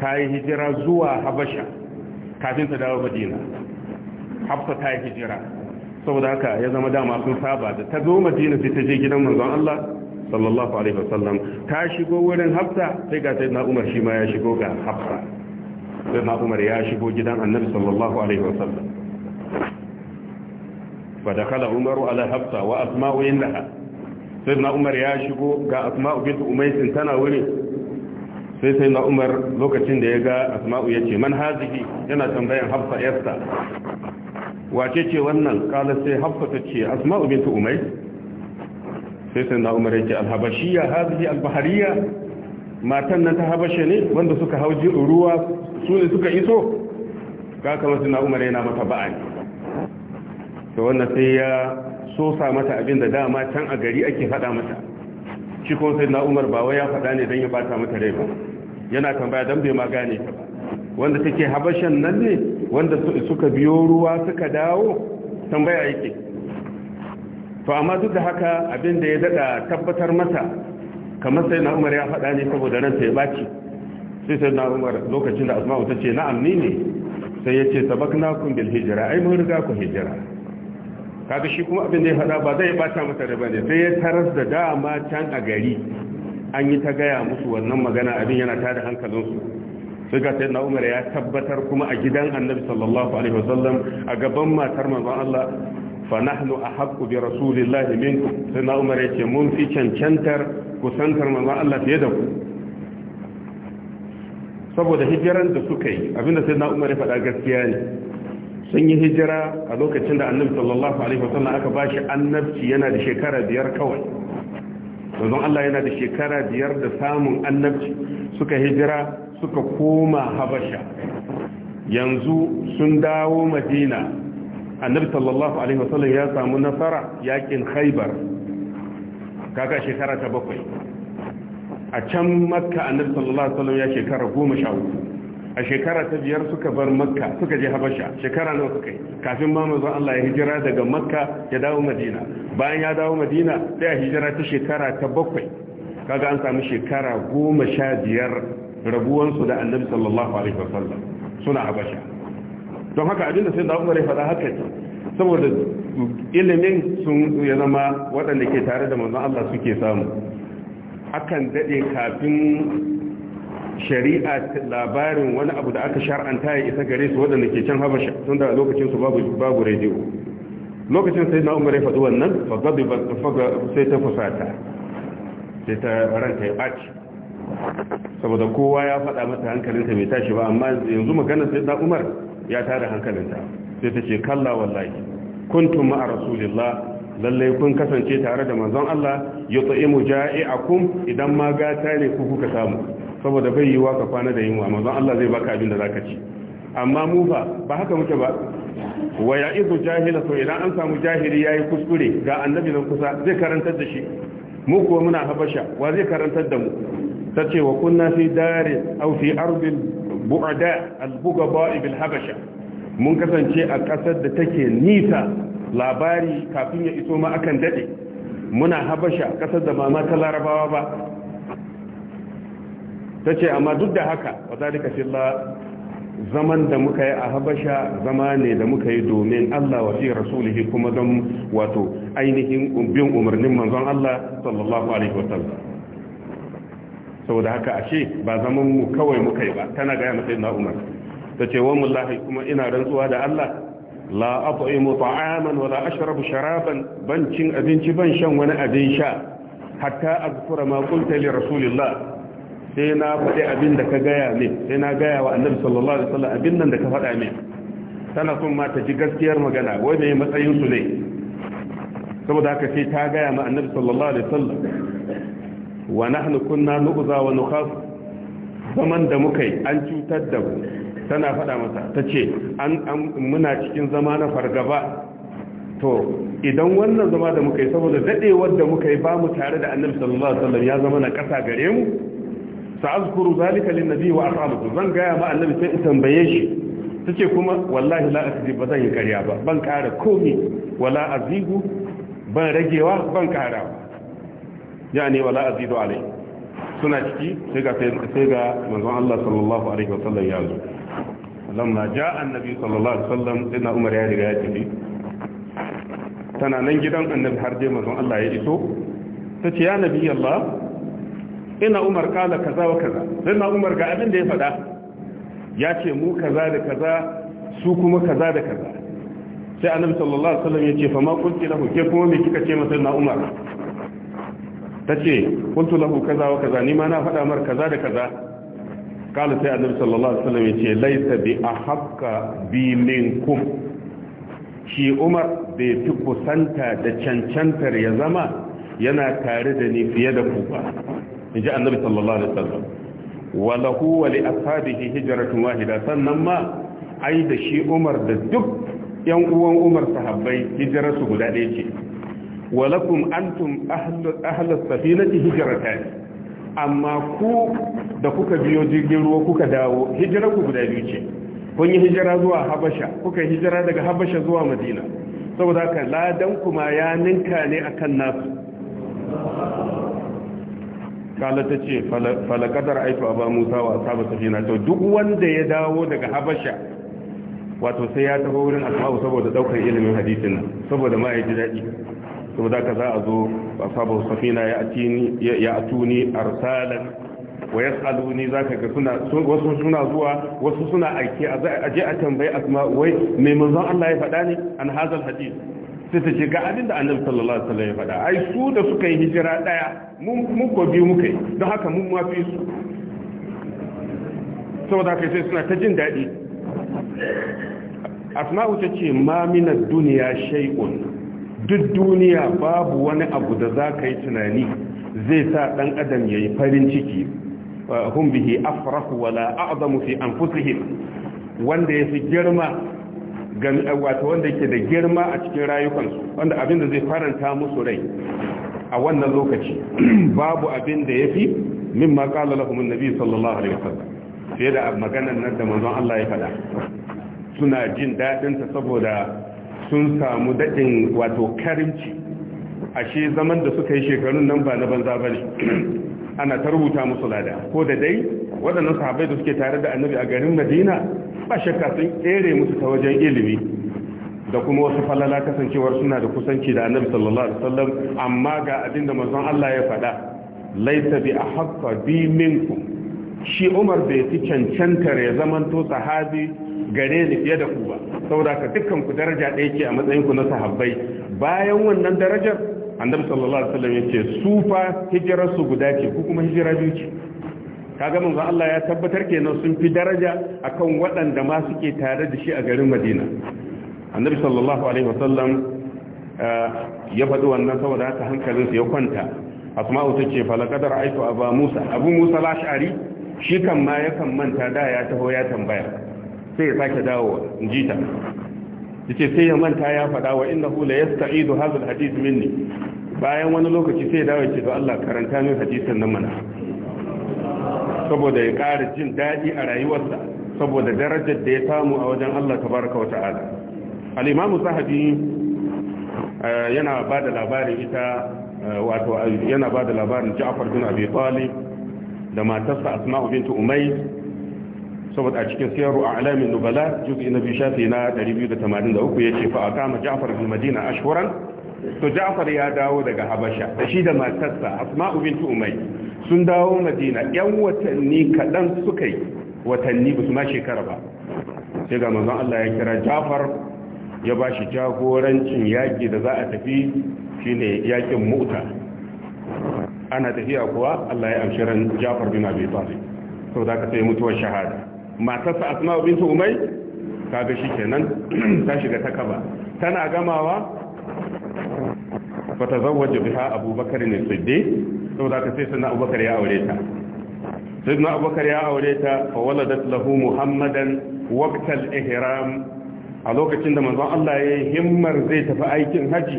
Speaker 1: kai hijira zuwa habasha kafin ta dawo madina hafsa ta hijira saboda haka ya zama dama sun saba da ta zo madina sai ta je gidan manzon Allah sallallahu alaihi wasallam ta shigo wurin hafsa sai ga sayyidina Umar shi ma ya shigo ga hafsa sayyidina Umar ya shigo gidan annabi sallallahu alaihi wasallam fa dakala umaru ala hafsa wa asma'u indaha sayyidina umar ya shigo ga asma'u bint umaysin tana wuri. sai sai sayyidina umar lokacin da ya ga asma'u yace man hazihi yana tambayan hafsa yarsa wace ce wannan kala sai hafsa tace asma'u bint umays sai sai sayyidina umar yace al-habashiyya hazihi al-bahariyya matan nan ta habashe ne wanda suka hauji ruwa su ne suka iso ka kama suna umar yana mata ba'ani to wannan sai ya sosa mata abin da dama can a gari ake fada mata shi kuma sai na umar bawa ya faɗa ne don ya bata mata rai ba yana tambaya don bai ma gane ta ba wanda take habashan nan ne wanda suka biyo ruwa suka dawo tambaya yake to amma duk da haka abin da ya daɗa tabbatar mata kamar sai na umar ya faɗa ne saboda ranta ya baci sai sai na umar lokacin da asma'u ta ce na'am ni ne sai ya ce sabaknakum bil hijra ai mun riga ku hijira kaga shi kuma abin da ya faɗa ba zai bata masa da bane sai ya taras da dama can a gari an yi ta gaya musu wannan magana abin yana ta da hankalinsu suka sai na umar ya tabbatar kuma a gidan annabi sallallahu alaihi wasallam a gaban matar manzon Allah fa nahnu ahaqqu bi rasulillahi minkum sai na ya ce mun fi cancantar kusantar manzon Allah fiye da ku saboda hijiran da suka yi abinda sai na umar ya faɗa gaskiya ne sun yi hijira a lokacin da annabi sallallahu alaihi wasallam aka bashi annabci yana da shekara biyar kawai don Allah yana da shekara biyar da samun annabci suka hijira suka koma habasha yanzu sun dawo madina annabi sallallahu alaihi wasallam ya samu nasara yakin khaybar kaga shekara ta bakwai a can makka annabi sallallahu alaihi wasallam ya shekara goma sha uku a shekara ta biyar suka bar makka suka je habasha shekara nawa suka yi kafin ma manzon Allah ya hijira daga makka ya dawo madina bayan ya dawo madina sai a hijira ta shekara ta bakwai kaga an samu shekara goma sha biyar rabuwansu da annabi sallallahu alaihi wasallam suna habasha don haka abin da sai da umar ya faɗa haka ce saboda ilimin sun ya zama waɗanda ke tare da manzon Allah suke samu akan daɗe kafin shari'a labarin wani abu da aka shar'anta ya isa gare su waɗanda ke can habasha tun da lokacin su babu rediyo lokacin sai na umar ya faɗi wannan fagabi ba sai ta fusata sai ta ranta ya ɓaci saboda kowa ya faɗa mata hankalinta mai tashi ba amma yanzu magana sai na umar ya tara hankalinta sai ta ce kalla wallahi kuntum ma'a rasulillah lallai kun kasance tare da manzon Allah ya ta'imu ja'i'akum idan ma gata ne ku kuka samu saboda bai yiwa ka kwana da yunwa manzon Allah zai baka abin da zaka ci amma mu ba haka muke ba wa izu jahila to idan an samu jahili yayi kuskure ga annabi nan kusa zai karantar da shi mu kuwa muna habasha wa zai karantar da mu ce wa kunna fi dare aw fi ardil bu'ada al-bughaba bil habasha mun kasance a kasar da take nisa labari kafin ya iso ma akan dade muna habasha kasar da ba ma ta larabawa ba ta ce amma duk da haka wa zalika fillah zaman da muka yi a habasha zama ne da muka yi domin Allah wa fi rasulihi kuma don wato ainihin bin umarnin manzon Allah sallallahu alaihi wa sallam saboda haka ashe ba zaman mu kawai muka yi ba tana ga yana na Umar ta ce wa mullahi kuma ina rantsuwa da Allah la abu at'imu ta'aman wa la ashrabu sharaban ban cin abinci ban shan wani abin sha hatta azkura ma qulta li rasulillah sai na faɗi abin da ka gaya ne sai na gaya wa annabi sallallahu alaihi wasallam abin nan da ka faɗa ne tana son ma ta ji gaskiyar magana wai me matsayin su ne saboda haka sai ta gaya ma annabi sallallahu alaihi wasallam wa nahnu kunna nuqza wa nukhaf zaman da muka yi an cutar da mu tana faɗa masa ta ce muna cikin zama na fargaba to idan wannan zama da muka yi saboda daɗewar da muka yi ba mu tare da annabi sallallahu alaihi wasallam ya zama na ƙasa gare mu sa'azkuru zalika lin nabi wa as'alukum zan gaya ma annabi sai in tambaye shi tace kuma wallahi la asdi ba zan yi ƙarya ba ban ƙara komi wala azigu ban ragewa ban ƙara yani wala azidu alai suna ciki sai ga sai ga manzon Allah sallallahu alaihi wasallam ya zo lamma ja'a annabi sallallahu alaihi wasallam ina umar ya riga ya tafi tana nan gidan annabi har dai manzon Allah ya iso tace ya nabi Allah ina umar kala kaza wa kaza sai na umar ga abin da ya faɗa ya ce mu kaza da kaza su kuma kaza da kaza sai annabi sallallahu alaihi wasallam ya ce fa ma kunti lahu ke kuma me kika ce masa na umar tace kuntu lahu kaza wa kaza ni ma na faɗa mar kaza da kaza kala sai annabi sallallahu alaihi wasallam ya ce laisa bi ahqqa bi minkum shi umar bai fi kusanta da cancantar ya zama yana tare da ni fiye da ku ba inji annabi sallallahu alaihi wasallam wa lahu wa li ashabihi hijratun wahida sannan ma ai da shi Umar da duk yan uwan Umar sahabbai hijrar su guda ɗaya ce wa lakum antum ahlu ahlu safinati hijratan amma ku da kuka biyo jirgin ruwa kuka dawo hijrar ku guda biyu ce kun yi hijira zuwa Habasha kuka hijira daga Habasha zuwa Madina saboda haka ladan kuma ya ninka ne akan nasu kala ta ce falakadar aitu a ba musa wa asaba safina to duk wanda ya dawo daga habasha wato sai ya tafi wurin asma'u saboda daukar ilimin hadisin nan saboda ma ya ji daɗi saboda ka za a zo asaba safina ya a ya atuni arsalan wa za ka ga suna wasu suna zuwa wasu suna aike a je a tambayi asma'u wai mai manzon Allah ya faɗa ne an hazal hadisi sai ta ce ga abin da annabi sallallahu alaihi wasallam ya faɗa ai su da suka yi hijira daya mun mun ko biyu muka yi don haka mun ma fi su saboda haka sai suna ta jin daɗi asma'u ta ce ma mina duniya shay'un duk duniya babu wani abu da za ka yi tunani zai sa ɗan adam ya yi farin ciki hun bihi afrahu wala a'zamu fi anfusihim wanda ya fi girma wato wanda ke da girma a cikin rayukansu wanda abin da zai faranta musu rai a wannan lokaci babu abin da ya fi min maƙala lafumin nabi sallallahu alaihi wasallam fiye da maganan nan da manzon Allah ya faɗa suna jin daɗinta saboda sun samu daɗin wato karimci ashe zaman da suka yi shekarun nan ba na banza ba ne ana ta rubuta musu lada ko da dai waɗannan sahabbai da suke tare da annabi a garin madina ba shakka sun kere musu ta wajen ilimi da kuma wasu falala kasancewar suna da kusanci da annabi sallallahu alaihi wasallam amma ga abinda da manzon Allah ya faɗa laisa bi ahqqa bi minkum shi Umar bai ci cancantar ya zaman sahabi gare ni fiye da ku ba saboda ka dukkan ku daraja ɗaya ke a matsayin ku na sahabbai bayan wannan darajar annabi sallallahu alaihi wasallam yace su fa hijirar su guda ce ko kuma hijira biyu ce kaga manzo Allah ya tabbatar kenan sun fi daraja akan waɗanda ma suke tare da shi a garin Madina annabi sallallahu alaihi wasallam eh, ya faɗi wannan saboda haka hankalinsa ya kwanta asma'u tace fa laqad aitu aba musa abu musa lashari shi kan ma yakan manta da ya taho ya tambaya sai ya sake dawo in ta. yace sai ya manta ya faɗa wa hu la yasta'idu hadha alhadith minni bayan wani lokaci sai ya dawo yace to Allah karanta min hadisin nan mana saboda ya ƙara jin daɗi a rayuwarsa saboda darajar da ya samu a wajen Allah tabaraka wa ta'ala al-imamu sahabi eh, yana bada labarin ita eh, wato yana bada da labarin Ja'far bin Abi Talib da matarsa Asma'u bint Umayr saboda a cikin siyarwa a alamin nubala juz'i na biyu shafi na 283 yace fa kama Ja'far fil Madina ashhuran to Ja'far ya dawo daga Habasha da shi da matarsa Asma'u bintu Umay sun dawo Madina yan watanni kadan suka yi watanni ba su ma shekara ba sai ga manzon Allah ya kira Ja'far ya bashi jagorancin yaki da za a tafi shine yakin Mu'ta ana tafiya kuwa Allah ya amshi ran Ja'far bin Abi Talib saboda ka sai mutuwar shahada matarsa asma'u bintu umay kaga shikenan ta shiga ta kaba tana gamawa fa tazawwaja biha abubakar ne siddiq saboda ka sai sunna abubakar ya aure ta sayyidina abubakar ya aure ta fa waladat lahu muhammadan waqtal ihram a lokacin da manzon Allah ya himmar zai tafi aikin haji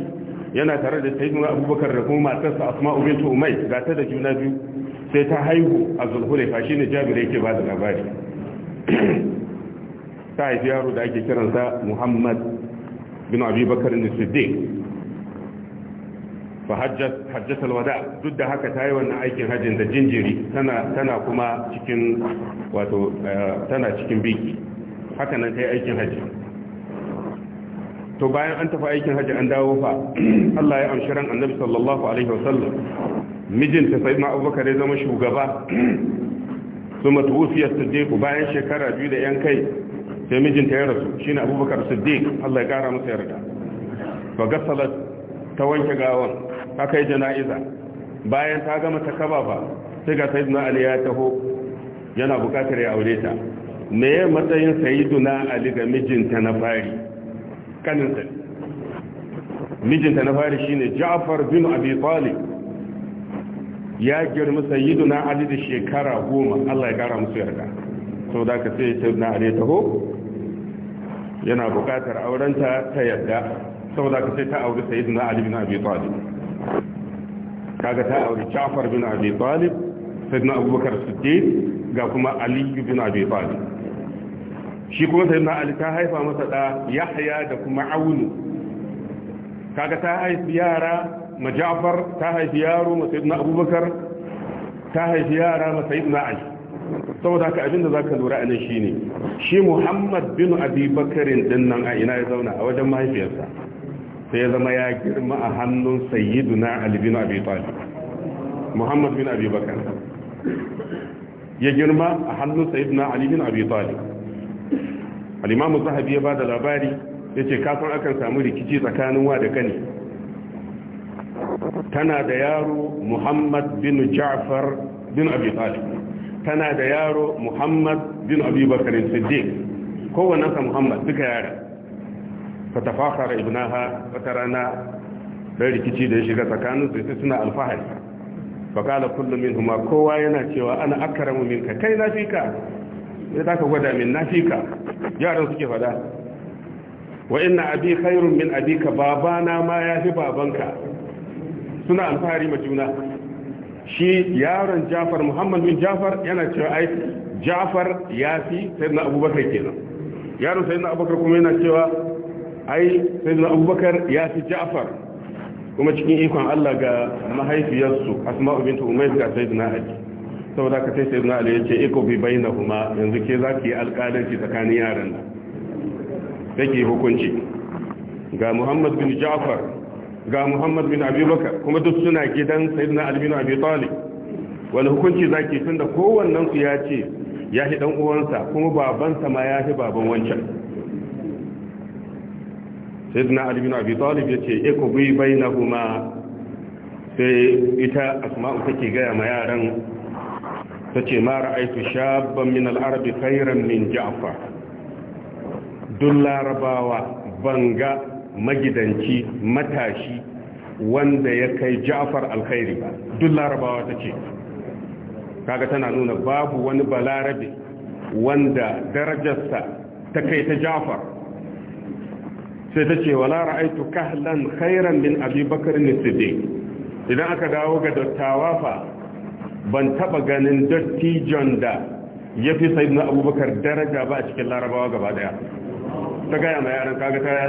Speaker 1: yana tare da sayyidina abubakar da kuma matarsa asma'u bintu umay ga da juna biyu sai ta haihu a zulhulaifa shine jabir yake ba da labari ta haifi yaro da ake kiransa muhammad bin abubakar ne siddiq fa hajjat alwada duk da haka ta yi wannan aikin hajjin da jinjiri tana kuma cikin wato eh, tana cikin biki haka nan ta yi aikin hajji to bayan an tafi aikin hajji an dawo fa Allah ya amshi ran annabi sallallahu alaihi wasallam mijinta sai na abubakar ya zama shugaba thumma tuwfiyat siddiq bayan shekara biyu da yan kai sai mijinta ya rasu shine abubakar siddiq Allah ya kara masa yarda ta wanke gawon akai janaiza bayan ta gama ta kaba ba sai ga sayyiduna ali ya taho yana bukatar ya aure ta me ya matsayin sayyiduna ali ga mijinta na fari kanin mijinta na fari shine ja'far bin abi talib ya girma na ali da shekara goma Allah ya gara musu yarda sau da ka sai na ali ta ho yana bukatar aurenta ta yarda. sau da ka sai ta auri na ali bin abi talib kaga ta auri jafar bin abi talib na abubakar siddiq ga kuma ali bin abi talib shi kuma na ali ta haifa masa da yahaya da kuma aunu kaga ta haifi yara ma Ja'far ta haifi yaro ma Sayyidina Abubakar ta haifi yara ma Sayyidina Ali saboda haka abinda zaka lura a nan shine shi Muhammad bin Abi Bakarin din nan a ina ya zauna a wajen mahaifiyarsa sai ya zama ya girma a hannun Sayyidina Ali bin Abi Talib Muhammad bin Abi Bakar ya girma a hannun Sayyidina Ali bin Abi Talib al-Imam Zahabi ya bada labari yace kafin akan samu rikici tsakanin wa da kani tana da yaro muhammad bin ja'far bin abi talib tana da yaro muhammad bin abi bakar siddiq kowannensa muhammad duka yara ta tafakara ibnaha wata rana da rikici da ya shiga tsakanin su sai suna alfahari fakala kullum min huma kowa yana cewa ana mu minka kai na fi ka ya za ka gwada min na fi ka yaran suke fada wa inna abi khairun min abika babana ma ya fi babanka suna alfahari ma juna shi yaron jafar muhammad bin jafar yana cewa ai jafar ya fi na abubakar kenan yaron na abubakar kuma yana cewa ai na abubakar ya fi jafar kuma cikin ikon allah ga mahaifiyarsu asma'u bintu umayr ga sayyidina ali saboda ka sai na ali ce iko bi kuma yanzu ke za ka yi alƙalanci tsakanin yaran da ke hukunci ga muhammad bin jafar ga muhammad bin abubakar kuma duk suna gidan sayyidina ali bin abi talib wani hukunci zaki tun da kowannen su ya ce ya fi dan uwansa kuma babansa ma ya baban wancan sayyidina ali bin abi talib ya ce eko bi bainahuma sai ita asma'u take gaya ma yaran ta ce ma ra'aitu shabban min al-arabi khairan min ja'far dun larabawa banga magidanci matashi wanda ya kai ja'far alkhairi duk larabawa ta ce kaga tana nuna babu wani balarabe wanda darajarsa ta kai ta ja'far sai ta ce wala ra'aitu kahlan khairan min abi bakr idan aka dawo ga dattawa fa ban taba ganin dattijon da ya fi sayyidina abubakar daraja ba a cikin larabawa gaba daya ta gaya ma yaran kaga ta ya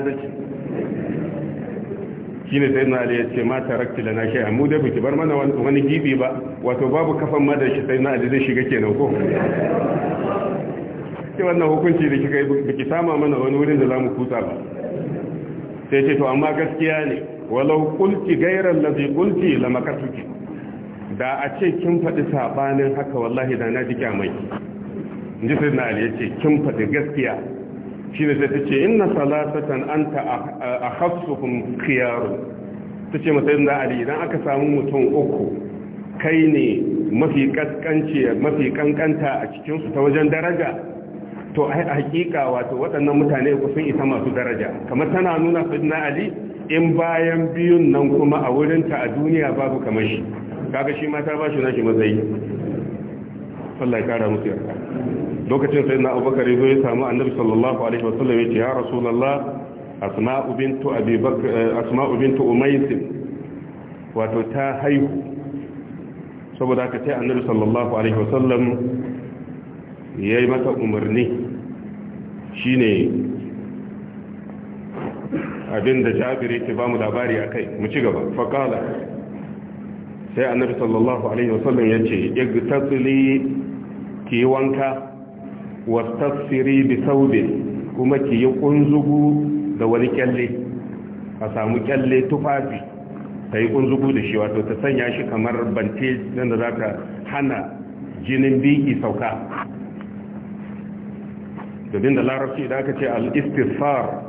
Speaker 1: shine sai na ali ya ce ma tarakti lana shi mu da biki bar mana wani gibi ba wato babu kafan ma da shi sai na ali zai shiga kenan ko ce wannan hukunci da kika yi biki sama mana wani wurin da zamu kusa ba sai ce to amma gaskiya ne walau qulti ghayra kulki qulti lamakatuki da a ce kin faɗi sabanin haka wallahi da na ji kyamai inji sai na ali ya ce kin faɗi gaskiya shine sai an ta a anta kiyaru ta ce matsayin da ali idan aka samu mutum uku kai ne mafi kaskanci mafi kankanta a cikinsu ta wajen daraja to a hakika wato waɗannan mutane ku sun isa masu daraja kamar tana nuna na ali in bayan biyun nan kuma a wurinta a duniya babu kamar shi kaga shi mata ba shi shi matsayi Allah ya kara musu yarda lokacin sai na abubakar ya zo ya samu annabi sallallahu alaihi wasallam ya ce ya rasulullah asma'u bintu abi bakr eh, asma'u bintu umays wato ta haihu saboda haka sai annabi sallallahu alaihi wasallam yayi mata umarni shine abinda jabiri ke bamu labari akai mu ci gaba faqala sai annabi sallallahu alaihi wasallam yace igtasili ki wanka wastafsiri bi saudi kuma ki yi kunzugu da wani kyalle a samu kyalle tufafi ta yi kunzugu da shi wato ta sanya shi kamar bance nan da za ka hana jinin biki sauka domin da larabci da aka ce al-istifar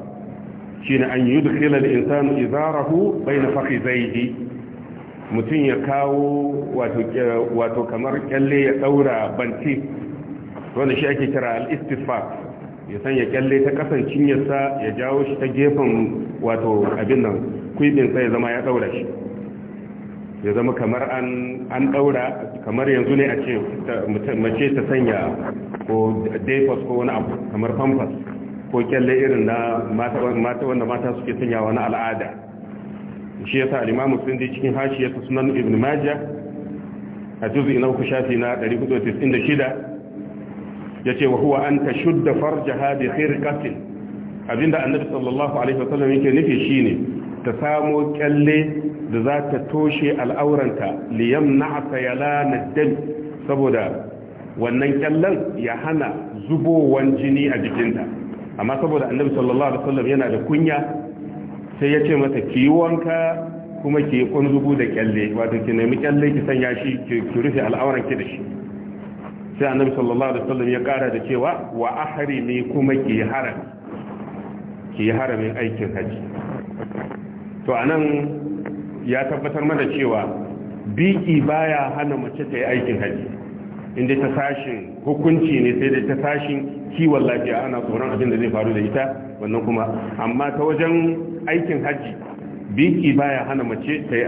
Speaker 1: shi ne an yi dukkan al’insan izarahu bai na fafi zaihi mutum ya kawo wato kamar kyalle ya ɗaura bance. wanda shi ake kira al-istifaq ya sanya kyalle ta kasan cinyarsa ya jawo shi ta gefen wato abin nan kwibin sai zama ya daura shi ya zama kamar an an daura kamar yanzu ne a ce mace ta sanya ko dafas ko wani abu kamar pampas ko kyalle irin na mata wanda mata suke sanya wani al'ada shi yasa al-imamu sindi cikin ta sunan ibn majah a juz'i na uku shafi na 496 yace wa huwa an tashudda farjaha bi khirqatin abinda annabi sallallahu alaihi wasallam yake nufi shine ta samo kyalle da za ta toshe al'auranta liyam na'asa yalana dam saboda wannan kyallen ya hana zubowan jini a jikinta amma saboda annabi sallallahu alaihi wasallam yana da kunya sai yace ce mata ki wanka kuma ki zubo da kyalle wato ki nemi kyalle ki sanya shi ki rufe al'auran ki da shi sai annabi sallallahu alaihi wasallam ya kara da cewa wa ne kuma ki haram ki haramin aikin haji to anan ya tabbatar mana cewa biki baya hana mace ta yi aikin haji inda ta sashin hukunci ne sai da ta sashin kiwon lafiya ana tsoron abin da zai faru da ita wannan kuma amma ta wajen aikin haji biki baya hana mace ta yi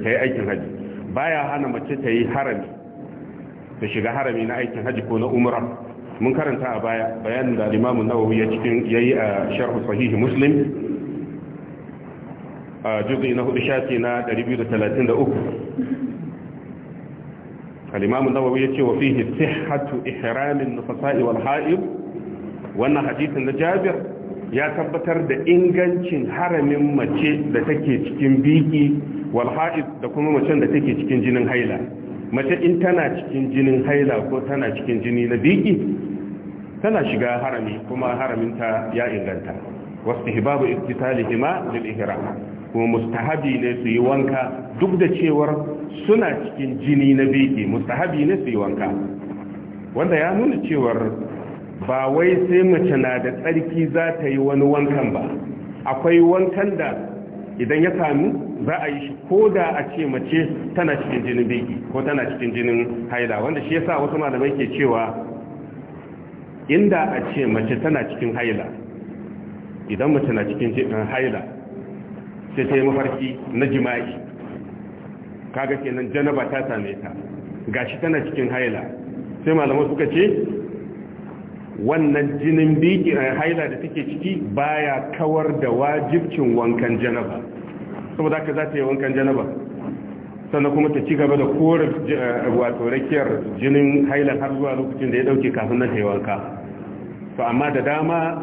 Speaker 1: aikin haji baya hana mace ta yi harami da shiga harami na aikin haji ko na umra mun karanta a baya bayanin da imam nawawi ya cikin yayi a Sharh Sahih Muslim a juzi na hudu shafi na 233 al-Imam nawawi ya ce wa fihi sihhatu ihram an-nufasa'i wal ha'ib wannan hadisin na Jabir ya tabbatar da ingancin haramin mace da take cikin biki wal ha'ib da kuma macen da take cikin jinin haila mace in tana cikin jinin haila ko tana cikin jini na biki tana shiga harami kuma haraminta ya inganta wasu hibabu iktitalihima lil ihram kuma mustahabi ne su yi wanka duk da cewar suna cikin jini na biki mustahabi ne su yi wanka wanda ya nuna cewar ba wai sai mace na da tsarki za ta yi wani wankan ba akwai wankan da idan ya samu za a yi shi ko da a ce mace tana cikin jinin biki ko tana cikin jinin haila wanda shi yasa wasu malamai ke cewa inda a ce mace tana cikin haila idan mace na cikin eh, haila sai ta yi mafarki na jima'i kaga kenan janaba ta same ta gashi tana cikin haila sai malamai suka ce wannan jinin biki eh, haila da take ciki baya kawar da wajibcin wankan janaba saboda haka za ta yi wankan janaba sannan kuma ta ci gaba da kore eh, wato rakiyar jinin haila har zuwa lokacin da ya dauke kafin na ta yi wanka to amma da dama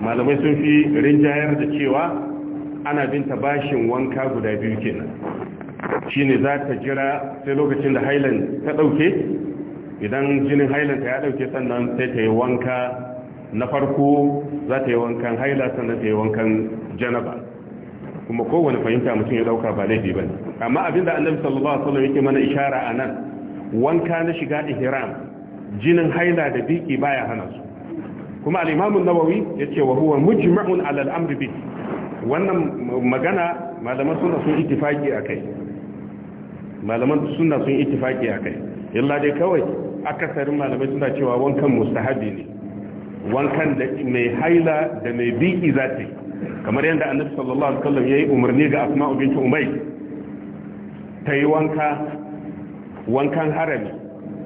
Speaker 1: malamai sun fi rinjayar da cewa ana binta bashin wanka guda biyu kenan shine za ta jira sai lokacin da hailan ta dauke idan jinin hailanta ya dauke sannan sai ta yi wanka na farko za ta yi wankan haila sannan ta yi wankan janaba kuma kowane fahimta mutum ya dauka ba laifi bane amma abinda annabi sallallahu alaihi wasallam yake mana ishara a nan wanka na shiga ihram jinin haila da biki baya hana su kuma al-imam an-nawawi yace wa huwa mujma'un 'ala al-amr bi wannan magana malaman sunna sun ittifaqi akai malaman sunna sun ittifaqi akai illa dai kawai akasarin malamai suna cewa wankan mustahabi ne wankan da mai haila da mai biki za ta kamar yadda annabi sallallahu alaihi wasallam yayi umarni ga asma'u binti umay ta yi wanka wankan harami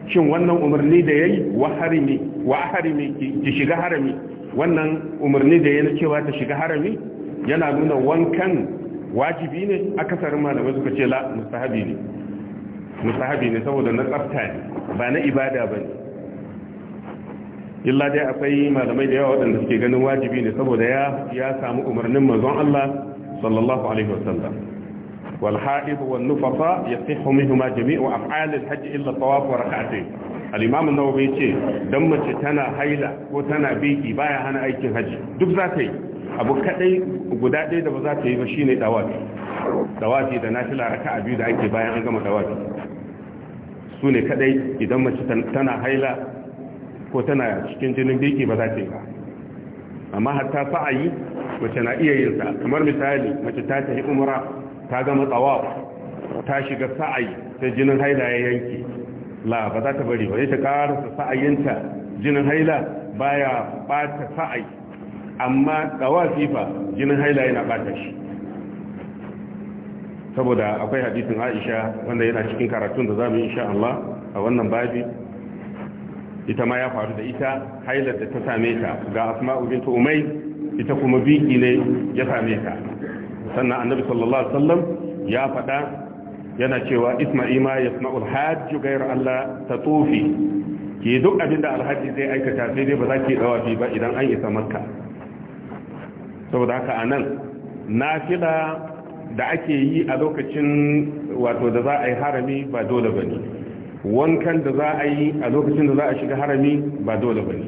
Speaker 1: shin wannan umarni da yayi wa harimi wa harimi ki shiga harami wannan umarni da yayi cewa ta shiga harami yana nuna wankan wajibi ne akasarin malamai suka ce la mustahabi ne musahabi ne saboda na tsafta ne ba na ibada ba ne illa dai akwai malamai da yawa waɗanda suke ganin wajibi ne saboda ya ya samu umarnin manzon Allah sallallahu alaihi wasallam wal haid wal nufafa yasihu minhuma jami'u af'al al hajj illa tawaf wa rak'atayn al imam an-nawawi yace dan mace tana haila ko tana biki baya hana aikin hajji duk za ta yi abu kadai guda ɗaya da ba za ta yi ba shine dawafi dawafi da nafila raka'a biyu da ake bayan an gama dawafi su ne kadai idan mace tana haila ko tana cikin jinin biki ba za ta yi ba amma hatta fa'ayi mace na iya yin sa kamar misali mace ta tafi umra ta gama tsawa ta shiga sa'ayi sai jinin haila ya yanke la ba za ta bari ba ta karasa sa'ayinta jinin haila baya bata sa'ayi amma tsawa fifa jinin haila yana bata shi saboda akwai hadisin Aisha wanda yana cikin karatun da zamu insha Allah a wannan babi ita ma ya faru da ita hailar da ta same ta ga Asma'u bint Umay ita kuma biki ne ya same ta sannan Annabi sallallahu alaihi wasallam ya faɗa yana cewa Isma'i ma yasma'ul hajj ghayr Allah tatufi ke duk abinda alhaji zai aikata sai dai ba za ki dawafi ba idan an isa makka saboda haka anan nafila da ake yi a lokacin wato da za a yi harami ba dole ba ne wankan da za a yi a lokacin da za a shiga harami ba dole ba ne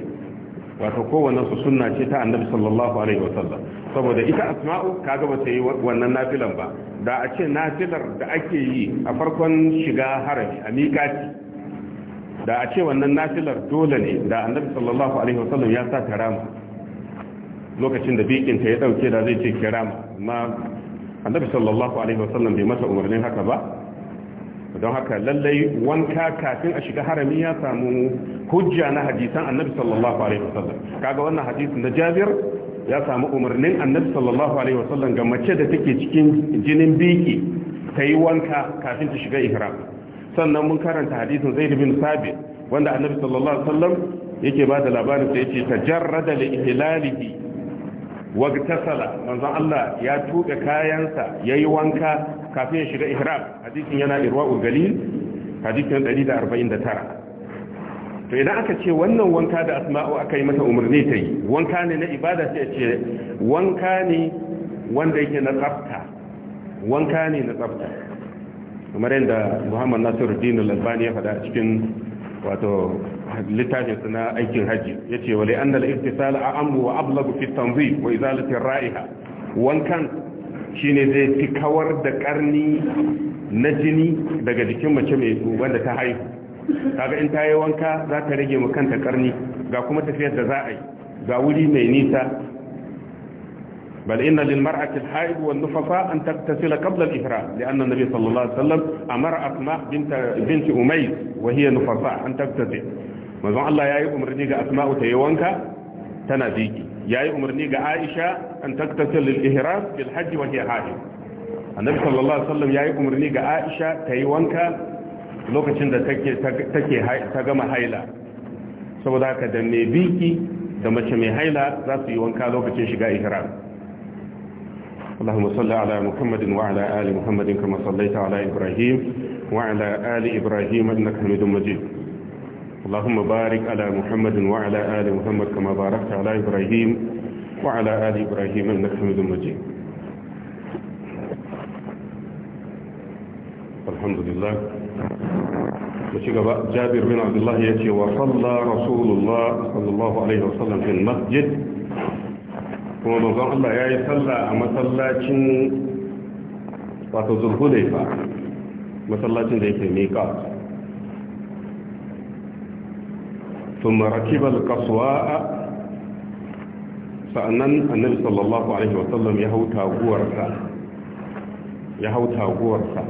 Speaker 1: wato kowane su suna ce ta annabi sallallahu alaihi wasallam saboda ita asma'u kaga ba ta yi wannan nafilan ba da a ce nafilar da ake yi a farkon shiga harami a miƙati da a ce wannan nafilar dole ne da annabi sallallahu alaihi wasallam ya sa ta rama lokacin da bikinta ya dauke da zai ce kirama amma annabi sallallahu alaihi wasallam bai mata umarnin haka ba don haka lallai wanka kafin a shiga harami ya samu hujja na hadisan annabi sallallahu alaihi wasallam kaga wannan hadisin na Jabir ya samu umarnin annabi sallallahu alaihi wasallam ga mace da take cikin jinin biki ta yi wanka kafin ta shiga ihram sannan mun karanta hadisin Zaid bin Sabit wanda annabi sallallahu alaihi wasallam yake ba da labarin sa yace tajarrada li ihlalihi Waqtasala, manzon Allah ya tuka kayansa yayi wanka kafin ya shiga ihram hadisin yana irwaul galil hadisin 149 to idan aka ce wannan wanka da asma'u aka yi mata umarni ta yi wanka ne na ibada sai ce wanka ne wanda yake na tsafta wanka ne na tsafta kamar yadda Muhammad Nasiruddin Al-Albani ya faɗa cikin wato littafin su na aikin haji yace wali annal ittisal a'ammu wa ablagu fi tanzim wa izalati ra'iha wankan ne zai fi kawar da karni na jini daga jikin mace mai wanda ta haihu kaga in ta yi wanka za ta rage mu kanta karni ga kuma tafiyar da za a yi ga wuri mai nisa بل إن للمرأة الحائض والنفقاء أن تغتسل قبل الإحرام لأن النبي صلى الله عليه وسلم أمر أسماء بنت, بنت أميس وهي نفقاء an تغتسل manzon Allah ya yi umarni ga asma'u ta yi wanka tana ziki ya yi umarni ga aisha an taktasar lil'ihirar fil hajji wa ke haji annabi sallallahu alaihi wasallam ya yi umarni ga aisha ta yi wanka lokacin da take ta gama haila saboda haka da mai biki da mace mai haila za su yi wanka lokacin shiga ihram اللهم صل على محمد وعلى آل محمد كما صليت على إبراهيم وعلى آل إبراهيم إنك حميد مجيد اللهم بارك على محمد وعلى آل محمد كما باركت على إبراهيم وعلى آل إبراهيم إنك حميد مجيد الحمد لله جابر بن عبد الله يأتي وصلى رسول الله صلى الله عليه وسلم في المسجد kuma manzon Allah ya yi صلى a masallacin wato zulhulaifa masallacin da yake miƙa ثم ركب القصواء sa'annan annabi sallallahu alaihi wasallam ya hau taguwarsa ya hau taguwarsa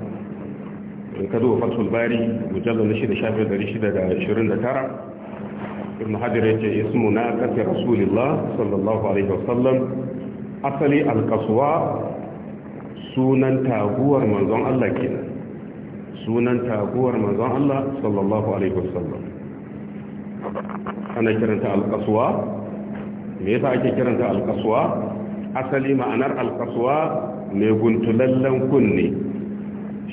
Speaker 1: in ka duba fatul bari mujallar na shida shafi dari shida da ashirin da tara ibn hajar ya ce ismu na ƙasar rasulillah sallallahu alaihi wasallam asali alkasuwa sunan taguwar manzon allah kenan sunan taguwar manzon allah sallallahu alaihi wasallam ana kiranta alkasuwa me yasa ake kiranta alkasuwa asali ma'anar alkasuwa mai guntulallen kunne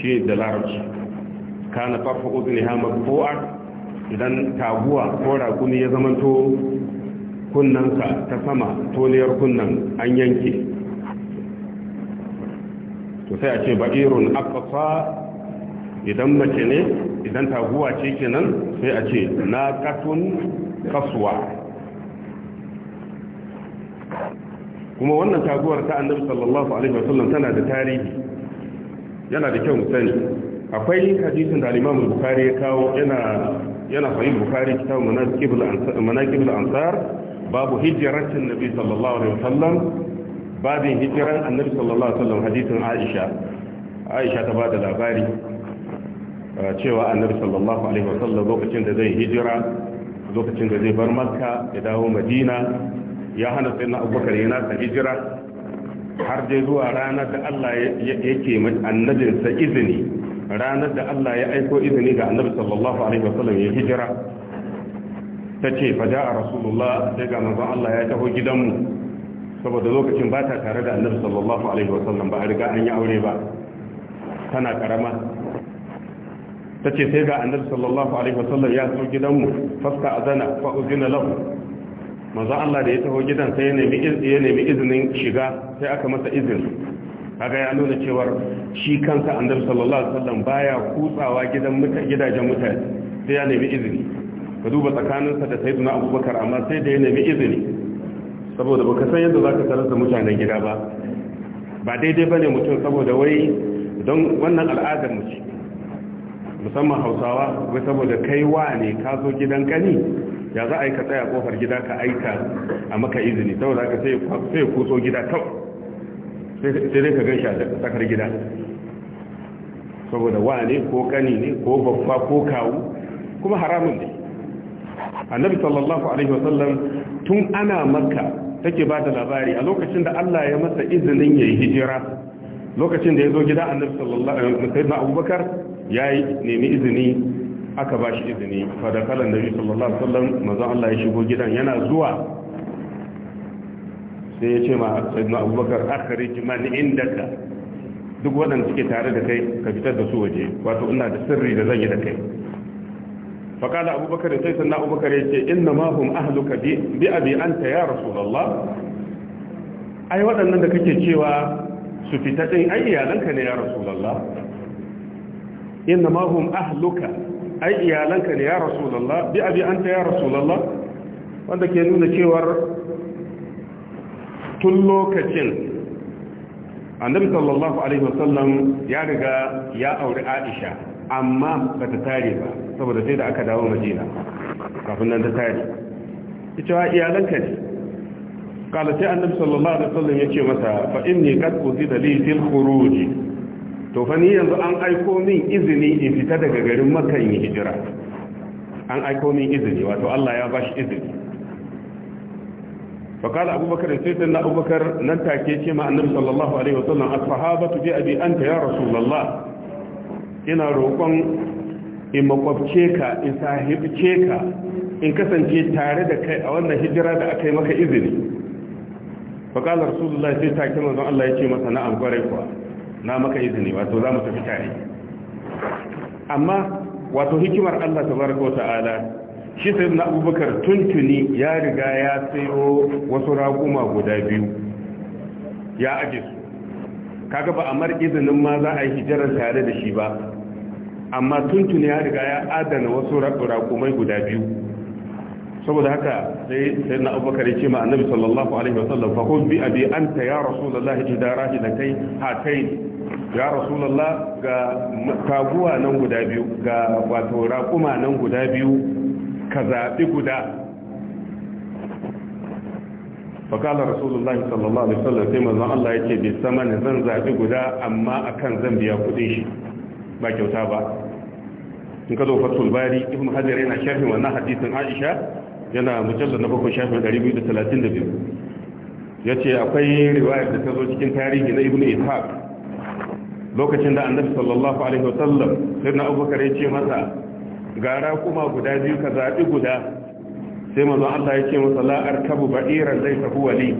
Speaker 1: shi da larabci kana farfa uzuni ha makfu'a idan taguwa ko rakuni ya zamanto kunnanka ta sama toliyar kunnan an yanke to sai a ce ba'irun aqsa idan mace ne idan taguwa ce kenan sai a ce na katun kasuwa kuma wannan taguwar ta annabi sallallahu alaihi wasallam tana da tarihi yana da kyau sani akwai hadisin da al-Imam Bukhari ya kawo yana yana sahih Bukhari kitab manaqib al-ansar babu hijratin nabi sallallahu alaihi wasallam annabi sallallahu alaihi wasallam hadisin Aisha Aisha ta bada labari eh, cewa annabi sallallahu alaihi wasallam lokacin da zai hijira lokacin da zai bar makka ya dawo madina ya hana sai abubakar yana ta hijira har dai zuwa ranar da Allah yake annabinsa izini ranar da Allah ya aiko izini ga annabi sallallahu alaihi wasallam ya hijira ta ce faja a rasulullah sai ga manzon Allah ya taho gidanmu saboda lokacin ba ta tare da annabi sallallahu alaihi wasallam ba a riga an yi aure ba tana karama ta ce sai ga annabi sallallahu alaihi wasallam ya zo gidanmu fasta azana fa uzina lahu manzo Allah da ya taho gidan sai ya nemi ya nemi izinin shiga sai aka masa izin kaga ya nuna cewa shi kansa annabi sallallahu alaihi wasallam baya kutsawa gidan mutane gidajen mutane sai ya nemi izini ka duba tsakaninsa da sayyiduna abubakar amma sai da ya nemi izini saboda baka san yadda zaka tarar da mutanen gida ba ba daidai bane mutum saboda wai don wannan al'adar mu ce musamman hausawa wai saboda kai wa ne ka zo gidan kani ya za a yi ka tsaya kofar gida ka aika a maka izini saboda haka sai ya kuso gida kawai sai dai ka gan shi a tsakar gida saboda wa ne ko kani ne ko babba ko kawu kuma haramun ne annabi sallallahu alaihi wasallam tun ana maka take ba da labari a lokacin da Allah ya masa izinin ya yi hijira lokacin da ya zo gida annabi sallallahu alaihi wasallam sai na abubakar ya yi nemi izini aka ba shi izini fadakalar nabi sallallahu alaihi mazan Allah ya shigo gidan yana zuwa sai ya ce ma sayyidina abubakar akhrij inda ka. duk waɗanda suke tare da kai ka fitar da su waje wato ina da sirri da zan yi da kai فقال أبو بكر سيدنا أبو بكر إنما هم أهلك بأبي أنت يا رسول الله أي وأن عندك تشيوى سفتتين أي يالنك يا رسول الله inna ma hum ahluka ai iyalanka ne ya rasulullah bi abi anta ya rasulullah wanda ke nuna cewar tun lokacin annabi sallallahu alaihi wasallam ya riga ya aure Aisha amma ba ta tare ba saboda sai da aka dawo Madina kafin nan ta tare ita iyalanka ne kala sai annabi sallallahu alaihi wasallam yace mata fa inni qad udida li fil khuruj to yanzu an aiko min izini in fita daga garin makka yin hijira an aiko min izini wato Allah ya bashi izini fa kala abubakar sai sai na abubakar nan take ce ma annabi sallallahu alaihi wasallam ashabatu bi abi anta ya rasulullah ina roƙon in makwabce ka in sahibce ka in kasance tare da kai a wannan hijira da aka yi maka izini fa kala rasulullah sai take manzon Allah ya ce masa na'am kwarai kwa na maka izini wato za mu tafi tare amma wato hikimar Allah tabaraka wa ta'ala shi sai na abubakar tuntuni ya riga ya sayo wasu raguma guda biyu ya aje su kaga ba a amar izinin ma za a yi hijirar tare da shi ba amma tuntuni ya riga ya adana wasu ragumai guda biyu saboda haka sai sai na abubakar ya ce ma annabi sallallahu alaihi wasallam fa khudh bi abi anta ya rasulullahi idarahi lakai hatain ya rasulallah ga taguwa nan guda biyu ga wato raƙuma nan guda biyu ka zaɓi guda fakala rasulullahi sallallahu alaihi wasallam sai manzon Allah yake bi sama ne zan zaɓi guda amma akan zan biya kuɗin shi ba kyauta ba in ka zo fatul bari ibn hajar yana sharhin wannan hadisin Aisha yana mujallal na 7 shafin 232 yace akwai riwayar da ta zo cikin tarihi na ibn ishaq lokacin da annabi sallallahu alaihi wasallam sai na abubakar ya ce masa gara kuma guda biyu ka zaɓi guda sai mazan Allah ya ce masa la'ar kabu ba'iran zai tafi wali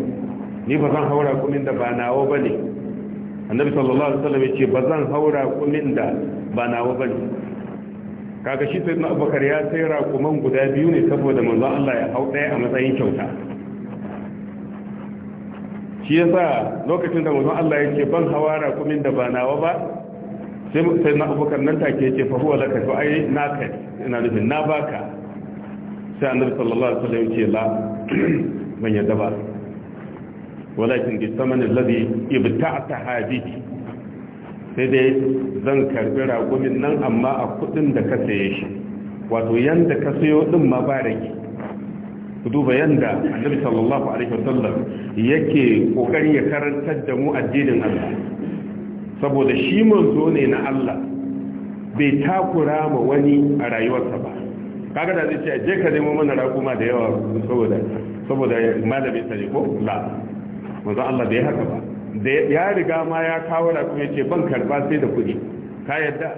Speaker 1: ni ba zan haura kumin da ba nawa ba ne annabi sallallahu alaihi wasallam ya ce ba zan haura kumin da ba nawa ba ne kaga shi sai na abubakar ya sai rakuman guda biyu ne saboda manzon Allah ya hau ɗaya a matsayin kyauta shi ya sa lokacin da manzon Allah yake ban hawara kumin da ba nawa ba sai na abubakar nan take ce fa huwa zaka to ai kai ina nufin na baka sai annabi sallallahu alaihi wasallam yake la ban yadda ba walakin bi saman alladhi ibta'ta hadiki sai dai zan karbi ragumin nan amma a kudin da ka saye shi wato yanda ka sayo din ma ba rage ku duba yanda annabi sallallahu alaihi wasallam yake kokari ya karantar da mu addinin Allah saboda shi manzo ne na Allah bai takura ma wani a rayuwarsa ba kaga da zai ce je ka nemo mana raƙuma da yawa saboda saboda malamin sa ne ko la manzo Allah bai haka ba da ya riga ma ya kawo kuma yace ban karba sai da kuɗi ka yadda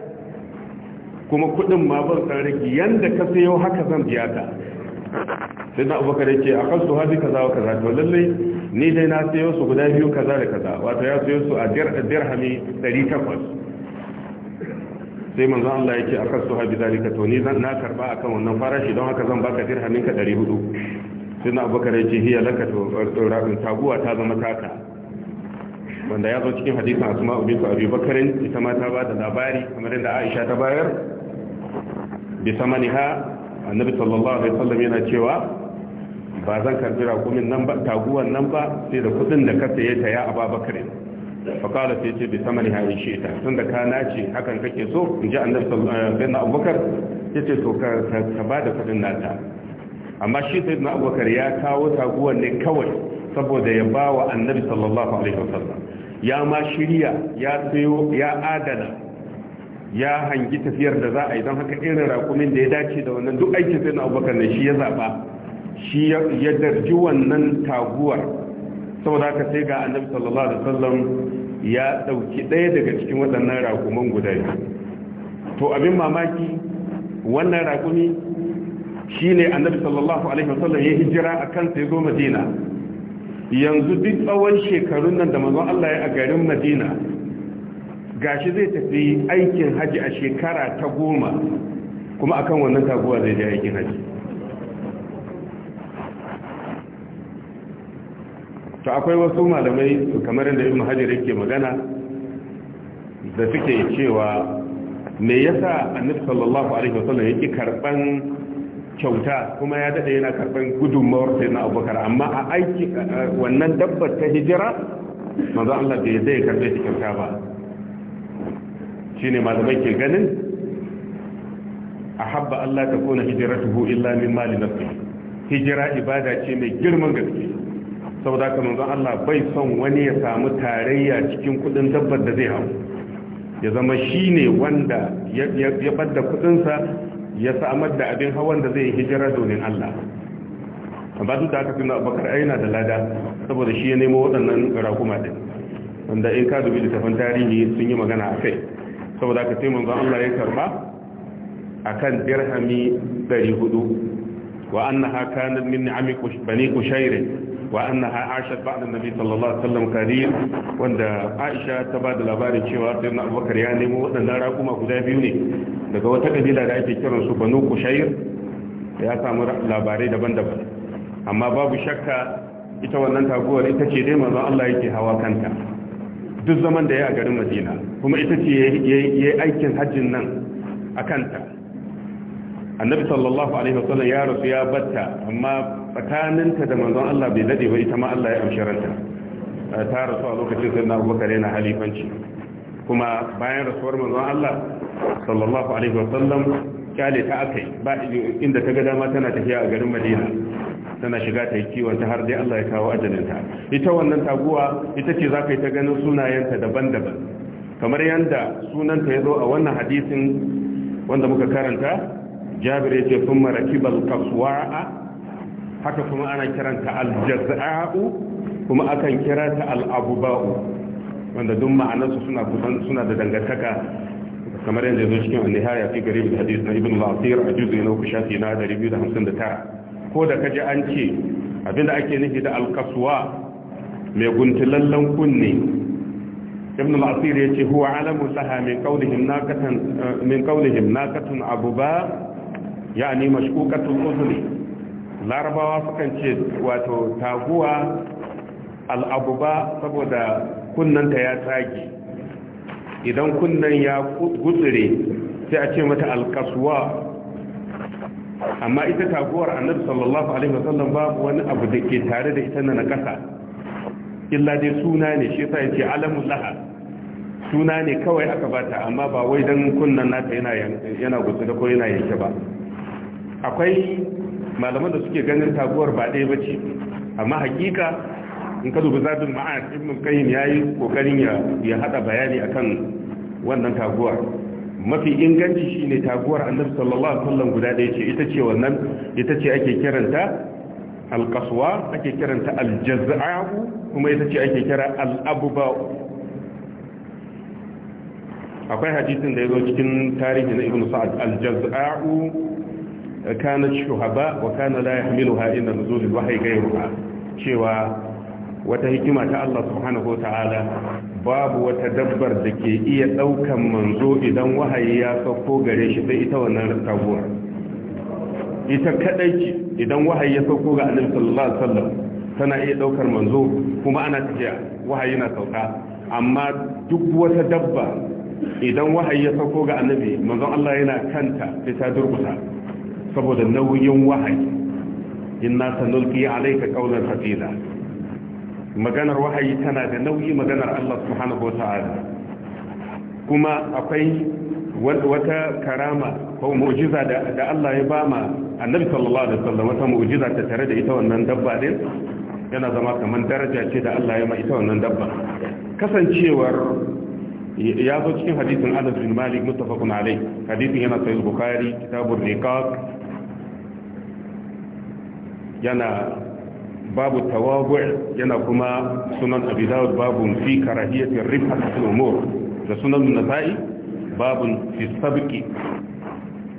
Speaker 1: kuma kuɗin ma ban san rage yanda ka sayo haka zan biya ka sai na abubakar ce a kan su haɗi kaza wa kaza to lallai ni dai na sayo su guda biyu kaza da kaza wato ya sayo su a dirhami 800 sai manzon Allah yake a kan su haɗi zalika to ni na karba akan wannan farashi don haka zan baka dirhamin ka 400 sai na kare ce hiya laka to rabin taguwa ta zama taka wanda ya zo cikin hadisin asma, bintu abi bakarin ita ma ta ba da labari kamar yadda aisha ta bayar bi samaniha annabi sallallahu alaihi wasallam yana cewa ba zan karbi raƙumin nan ba taguwan nan ba sai da kudin da ka saye ta ya fa fakala sai ce bi samani ha ishe ta tun da ka nace hakan kake so in ji annabi sallallahu abubakar ya ce to ka ba da kuɗin nata amma shi sai na abubakar ya kawo taguwan ne kawai saboda ya ba wa annabi sallallahu alaihi wasallam ya ma shirya ya sayo ya adana ya hangi tafiyar da za a yi don haka irin rakumin da ya dace da wannan duk aikin sai na abubakar ne shi ya zaɓa shi ya darji wannan taguwar saboda haka sai ga annabi sallallahu alaihi wasallam ya ɗauki ɗaya daga cikin waɗannan rakuman guda to abin mamaki wannan rakumi shi ne annabi sallallahu alaihi wasallam ya hijira a kansa ya zo madina yanzu duk tsawon shekarun nan da manzon Allah ya a garin madina gashi zai tafi aikin haji a shekara ta goma kuma akan wannan taguwa zai je aikin haji to akwai wasu malamai kamar da yin hajar ke magana da suke cewa me yasa annabi sallallahu alaihi wasallam yake karban kyauta kuma ya dade yana karban gudunmawar sai na abubakar amma a aiki wannan dabbar ta hijira manzo Allah ya zai karbe ta kyauta ba ne malamai ke ganin a habba Allah ta kona hu illa min mali nafsi hijira ibada ce mai girman gaske saboda ka manzon Allah bai son wani ya samu tarayya cikin kudin dabbar da zai hau ya zama shi ne wanda ya bada kudinsa ya samar da abin hawan da zai yi hijira domin Allah amma duk da aka fi bakar aina da lada saboda shi ya nemo waɗannan rakuma ɗin wanda in ka dubi littafin tarihi sun yi magana a kai saboda ka sai manzon Allah ya karba akan dirhami 400 wa annaha kanat min ni'ami bani kushair wa annaha ashat ba'da nabi sallallahu alaihi wasallam kadir wanda Aisha ta bada labarin cewa sai na Abubakar ya nemo wadannan raƙuma guda biyu ne daga wata kabila da ake kiransu banu kushair ya samu labarai daban-daban amma babu shakka ita wannan taguwar ita ce dai manzon Allah yake hawa kanta duk zaman da ya a garin madina kuma ita ce ya yi aikin hajjin nan a kanta annabi sallallahu alaihi wasallam ya rasu ya batta amma tsakaninta da manzon Allah bai dade ba ita ma Allah ya amshi ranta eh, ta rasu a lokacin sai na abubakar yana halifanci kuma bayan rasuwar manzon Allah sallallahu alaihi wasallam kyale ta aka yi ba inda ta ga dama tana tafiya a garin madina tana shiga ta yi kiwon ta har dai allah ya kawo ajalinta ita wannan taguwa ita ce za ka yi ta ganin sunayenta daban-daban kamar yadda sunanta ya zo a wannan hadisin wanda muka karanta jabir ya ce sun mara kibar kaswa'a haka kuma ana kiranta aljaza'u kuma akan kira ta al'abuba'u wanda duk ma'anarsu suna da dangantaka kamar yadda ya zo cikin annihaya fi gari garib hadis na ibn al a juzu na uku shafi na 259 ko da kaji an ce abinda ake nufi da alkaswa mai guntulallen kunne ibn al ya ce huwa alamu laha min qawlihim naqatan min qawlihim naqatun abuba yani mashkukatul uzuri larabawa sukan ce wato taguwa al-abuba saboda kunnanta ya tsage idan kunnan ya gutsure sai a ce mata alkaswa amma ita taguwar annabi sallallahu alaihi wasallam babu wani abu da ke tare da ita na kasa illa dai suna ne shi yasa yace alamul laha suna ne kawai aka bata amma ba wai dan kunnan nata yana yana gutsure ko yana yanke ba akwai malaman da suke ganin taguwar ba ɗaya bace amma hakika in ka dubi zadin ma'ad ibn ya yi kokarin ya ya hada bayani akan wannan taguwa mafi inganci ne taguwar annabi sallallahu alaihi wasallam guda ɗaya ce ita ce wannan ita ce ake kiranta alkaswa ake kiranta aljaza'u kuma ita ce ake kira al'abuba'u akwai hadisin da ya zo cikin tarihi na ibn sa'ad aljaz'a'u kana shuhaba wa kana la yahmiluha inda nuzulil wahyi ghayruha cewa wata hikima ta Allah subhanahu wa ta'ala babu wata dabbar da ke iya ɗaukan manzo idan wahayi ya sauko gare shi sai ita wannan taguwar ita kadai ce idan wahayi ya sauko ga annabi sallallahu alaihi wasallam tana iya ɗaukar manzo kuma ana tafiya wahayi na sauka amma duk wata dabba idan wahayi ya sauko ga annabi manzon Allah yana kanta sai ta durkuta saboda nauyin wahayi inna sanulqi alayka qawlan thaqila maganar wahayi tana da nauyi maganar Allah subhanahu wa kuma akwai wata karama ko mu'jiza da Allah ya bama ma annabi sallallahu alaihi wasallam wata mu'jiza ta tare da ita wannan dabba din yana zama kamar daraja ce da Allah ya ma ita wannan dabba kasancewar ya zo cikin hadisin Anas bin Malik muttafaqun alai hadisin yana sahih Bukhari kitabur riqaq yana babu tawagu' yana kuma sunan abi dawud babu fi karahiyatir rifat fil umur da sunan nasa'i babu fi sabqi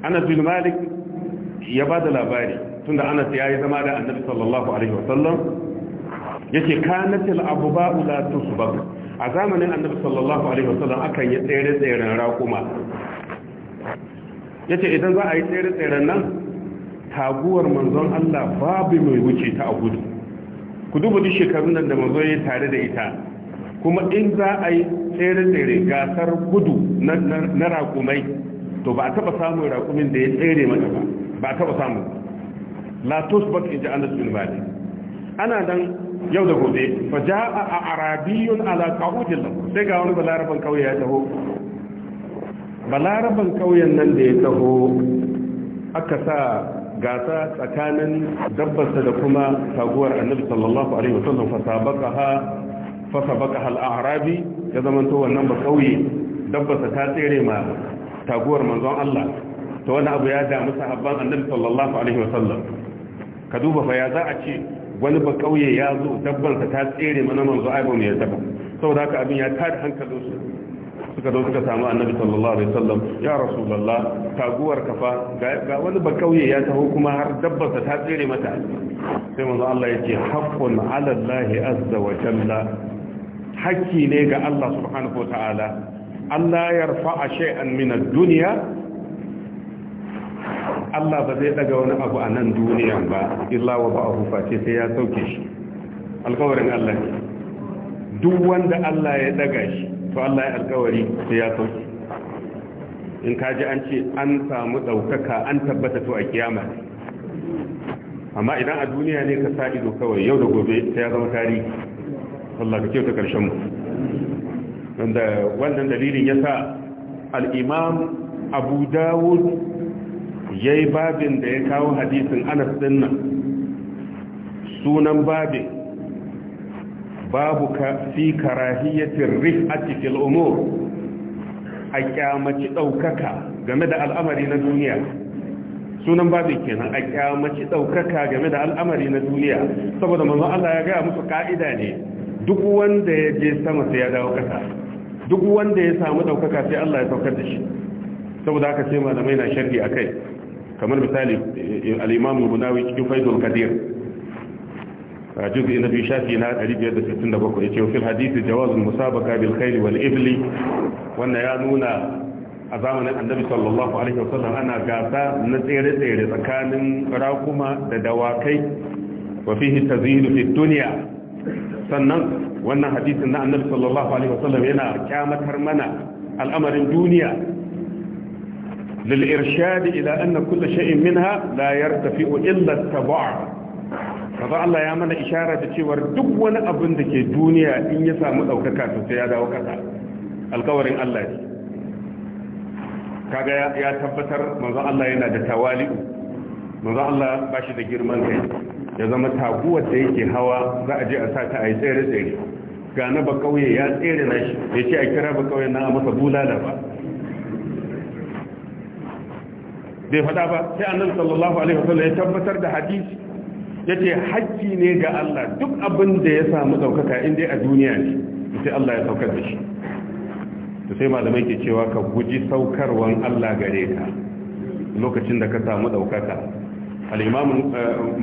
Speaker 1: anas bin malik ya bada labari tunda anas yayi zama da annabi sallallahu alaihi wa wasallam yake kanatil abuba'u la tusbab a zamanin annabi sallallahu alaihi wa wasallam akan yi tsere tseren raƙuma yace idan za a yi tsere tseren nan taguwar manzon Allah babu mai wuce ta a gudu ku duba duk shekarun nan da mazo ya tare da ita kuma in za a yi tsere-tsere gasar gudu na raƙumai to ba a taɓa samun raƙumin da ya tsere mata ba ba a taɓa samun latos ba in ji anas bin malik ana nan yau da gobe fa ja'a a arabiyun ala qawdil sai ga wani balaraban kauye ya taho balaraban kauyen nan da ya taho aka sa gasa tsakanin dabbarsa da kuma taguwar annabi sallallahu alaihi wasallam fa sabaqaha fa sabaqaha al-a'rabi ya zamanto wannan ba kauye dabbarsa ta tsere ma taguwar manzon Allah to wani abu ya damu sahabban annabi sallallahu alaihi wa sallam ka duba fa ya za a ce wani ba kauye ya zo dabbarsa ta tsere mana manzo ai ba mu yarda ba saboda haka abin ya tada hankalinsu suka zo suka samu annabi sallallahu alaihi wasallam ya rasulullah taguwar kafa ga wani ba kauye ya taho kuma har dabbar ta tsere mata sai manzo Allah yake haqqun ala Allah azza wa jalla haki ne ga Allah subhanahu wa ta'ala Allah yarfa'a shay'an min ad-dunya Allah ba zai daga wani abu a nan duniyan ba illa wa ba abu face sai ya sauke shi Alƙawarin Allah duk wanda Allah ya daga shi to Allah ya alkawari sai ya sauki in ka ji an ce an samu ɗaukaka an tabbata to a kiyama amma idan a duniya ne ka sa ido kawai yau da gobe sai ya zama tarihi Allah ka ta karshen mu wanda wannan dalilin ya sa al'imam abu dawud ya yi babin da ya kawo hadisin anas dinnan sunan babin babu ka fi karahiyatin rif'ati fil umur a kyamaci ɗaukaka game da al'amari na duniya sunan babu kenan a kyamaci ɗaukaka game da al'amari na duniya saboda manzo Allah ya gaya musu ka'ida ne duk wanda ya je sama sai ya dawo kasa duk wanda ya samu ɗaukaka sai Allah ya saukar da shi saboda haka sai malamai na a kai? kamar misali eh, eh, al-Imam Munawi cikin Faidul Qadir آه، جزء إن في شاكي نار أليب يد ستين دبوكو الحديث جواز المسابقة بالخيل والإبل وأن يانونا أزامنا النبي صلى الله عليه وسلم أنا قاسا نسير سير سكان راكما دواكي وفيه تزيين في الدنيا سنن وأن حديث النبي صلى الله عليه وسلم هنا كام ترمنا الأمر الدنيا للإرشاد إلى أن كل شيء منها لا يرتفع إلا التبع kaza Allah ya mana ishara da cewar duk wani abin da ke duniya in ya samu ɗaukaka to sai ya dawo ƙasa alkawarin Allah ne kaga ya tabbatar manzo Allah yana da tawali'u manzo Allah ba shi da girman kai ya zama taguwar da yake hawa za a je a sa ta a yi tsere tsere ga na ba kauye ya tsere na shi ya ce a kira ba kauye na a masa bulala ba bai faɗa ba sai annabi sallallahu alaihi wasallam ya tabbatar da hadisi ce hajji ne ga Allah duk abin da ya samu ɗaukaka inda a duniya ne sai Allah ya saukar da shi da sai malamai ke cewa ka guji saukarwan Allah gare ka lokacin da ka samu ɗaukaka, al’imamun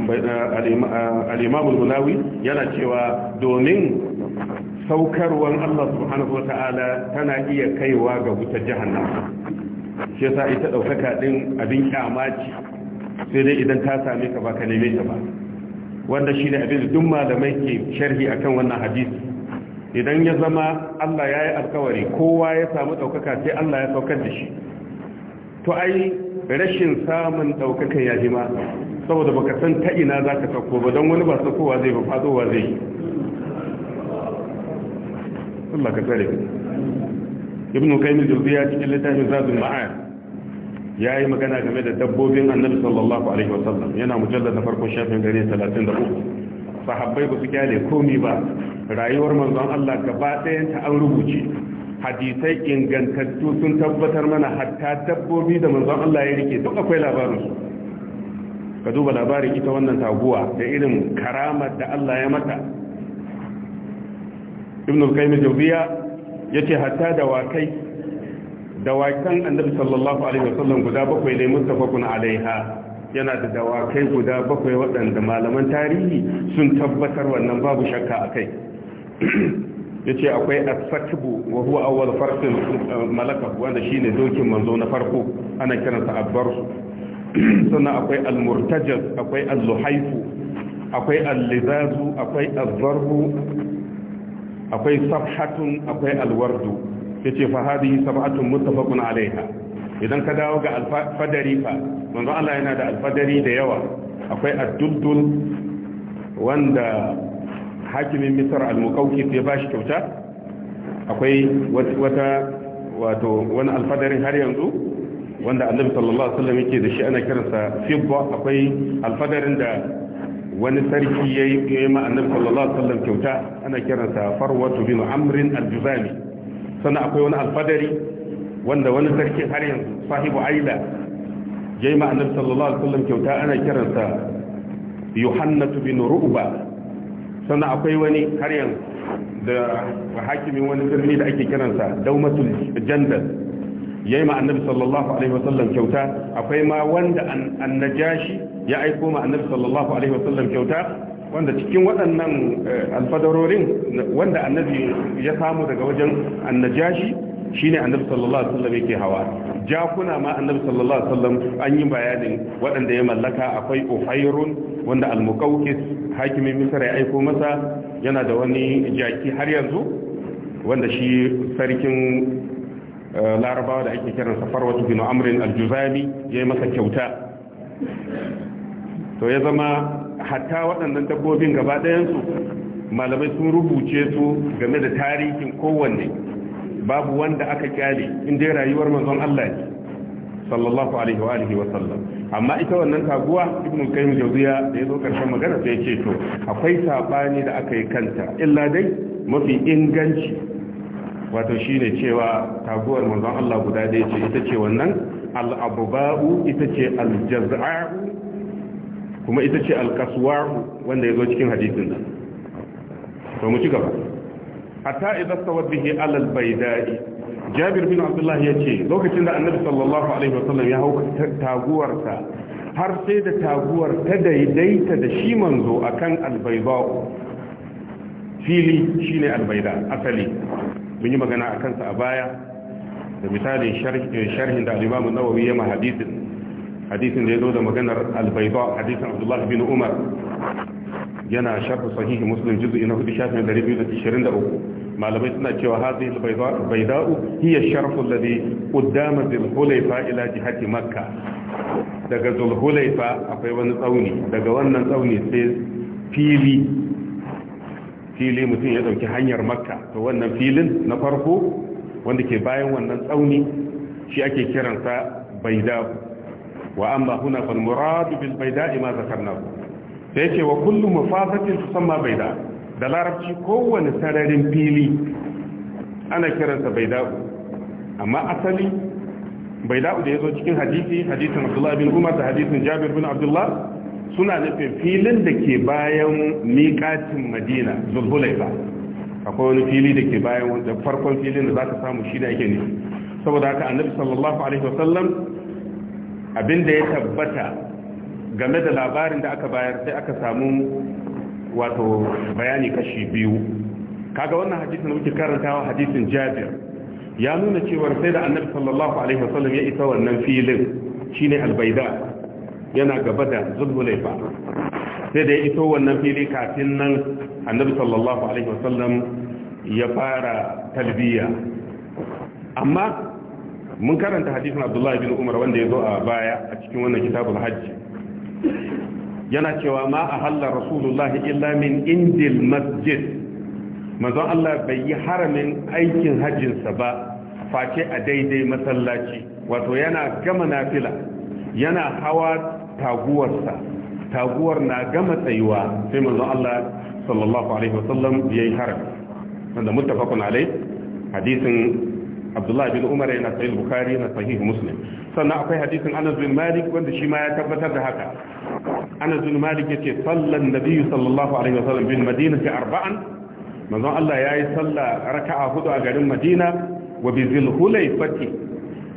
Speaker 1: eh, eh, eh, yana cewa domin saukarwan Allah subhanahu wata'ala tana iya kaiwa ga wutar jahannama shi yasa ita ɗaukaka ɗin abin kyama ce sai dai idan ta same ka ba ka neme ta ba wanda shi ne abin duk malamai ke sharhi akan wannan hadisi idan ya zama Allah ya yi alkawari kowa ya samu ɗaukaka sai Allah ya saukar da shi to ai rashin samun ɗaukakan ya jima saboda baka san ta ina za ka sauko ba don wani ba saukowa zai ba zai Allah ka tsare ibn qayyim al cikin littafin zadul ya yi magana game da dabbobin annabi sallallahu alaihi wasallam yana mujallar na farko shafin gare 33 sahabbai ba su kyale komi ba rayuwar manzon Allah gaba ɗayan ta an rubuce hadisai ingantattu sun tabbatar mana hatta dabbobi da manzon Allah ya rike duk akwai labarin su ka duba labarin ita wannan taguwa da irin karamar da Allah ya mata ibn qayyim jawziya yace hatta da wakai dawakan annabi sallallahu alaihi wasallam guda bakwai ne mustafakun alaiha yana da dawakai guda bakwai waɗanda malaman tarihi sun tabbatar wannan babu shakka a kai ya ce akwai asakbu wa huwa awwal farsin eh, malaka wanda shine dokin manzo na farko ana kiransa abbarsu sannan akwai almurtajaz akwai alluhaifu akwai allizazu akwai azzarbu akwai safhatun akwai alwardu yace fa hadhihi sab'atun muttafaqun alaiha idan ka dawo ga alfadari fa manzo Allah yana da alfadari da yawa akwai adduldul wanda hakimin misar al-muqawqis ya bashi kyauta akwai wata wato wani alfadarin har yanzu wanda annabi sallallahu alaihi wasallam yake da shi ana kiransa fibba akwai alfadarin da wani sarki yayi ma annabi sallallahu alaihi wasallam kyauta ana kiransa farwatu bin amrin al-juzami sannan akwai wani alfadari wanda wani sarki har yanzu sahibu aila yayi ma annabi sallallahu alaihi wasallam kyauta ana kiransa yuhannatu bin ru'ba sannan akwai wani har yanzu da hakimin wani birni da ake kiransa daumatul jandal yayi ma annabi sallallahu alaihi wasallam kyauta akwai ma wanda annajashi ya aiko ma sallallahu alaihi wasallam kyauta wanda cikin waɗannan eh, alfadarorin wanda annabi ya samu daga wajen annajashi shine annabi sallallahu alaihi wasallam yake hawa jakuna ma annabi sallallahu alaihi wasallam an yi bayanin waɗanda ya mallaka akwai uhairun wanda al hakimin misr ya aiko masa yana da wani jaki har yanzu wanda shi sarkin eh, larabawa da ake kiran safar wata bin amrin aljuzami ya yi masa kyauta to ya zama hatta waɗannan dabbobin gaba ɗayansu malamai sun rubuce su game da tarihin kowanne babu wanda aka kyale inda rayuwar manzon Allah ne sallallahu alaihi wa alihi wa sallam amma ita wannan taguwa ibn qayyim jawziya da yazo karshen magana sai yace to akwai sabani da aka yi kanta illa dai mafi inganci wato shine cewa taguwar manzon Allah guda da yace ita ce wannan al-abba'u ita ce al kuma ita ce alkaswahu wanda ya zo cikin hadisin nan to mu ci gaba hatta idan sawar alal baidai jabir bin abdullah ya ce lokacin da annabi sallallahu alaihi wasallam ya hau taguwarsa har sai da taguwar ta daidaita da shi manzo akan albaidau fili shine albaida asali mun yi magana akan sa a baya da misalin sharhin da al-imam nawawi ya ma hadisin hadisin da ya zo da maganar albaidwa hadisin abdullah bin umar yana sharh sahihi muslim juz'i na 4 shafin da da biyu uku malamai suna cewa hadhihi albaidwa hiya sharh alladhi qaddama dhulhulayfa ila jihati makkah daga dhulhulayfa akwai wani tsauni daga wannan tsauni sai fili fili mutum ya dauki hanyar makka to wannan filin na farko wanda ke bayan wannan tsauni shi ake kiransa baida'u wa amma huna fal murad bil bayda'i ma zakarnahu sai yake wa kullu mufasatin tusamma bayda da larabci kowane sararin fili ana kiransa bayda'u amma asali bayda'u da yazo cikin hadisi hadisin Abdullah bin Umar da hadisin Jabir bin Abdullah suna nufin filin da ke bayan miƙatin Madina zulhulaifa akwai wani fili da ke bayan wanda farkon filin da zaka samu shi da ake ne. saboda haka annabi sallallahu alaihi wasallam Abin da ya tabbata game da labarin da aka bayar sai aka samu wato bayani kashi biyu kaga wannan hadisin da muke karantawa hadisin Jabir ya nuna cewa sai da Annabi sallallahu alaihi wasallam ya isa wannan filin shine albaida yana gaba da Zulhulayfa sai da ya iso wannan fili kafin nan Annabi sallallahu alaihi wasallam ya fara talbiya amma mun karanta hadisin abdullahi bin umar wanda ya zo a baya a cikin wannan kitabul hajji yana cewa ma a halar rasulullahi illa min indil masjid manzon Allah bai yi haramin aikin hajjinsa ba face a daidai masallaci wato yana gama nafila yana hawa taguwarsa taguwar na gama tsayuwa sai manzon Allah sallallahu alaihi wasallam yayi harami wanda muttafaqun alai hadisin abdullahi bin umar yana sahih bukhari yana sahih muslim sannan akwai hadisin anas bin malik wanda shi ma ya tabbatar da haka anas bin malik yace sallan nabiyyu sallallahu alaihi wasallam bin madinati arba'an manzon Allah yayi sallah raka'a hudu a garin madina wa bi zil hulaifati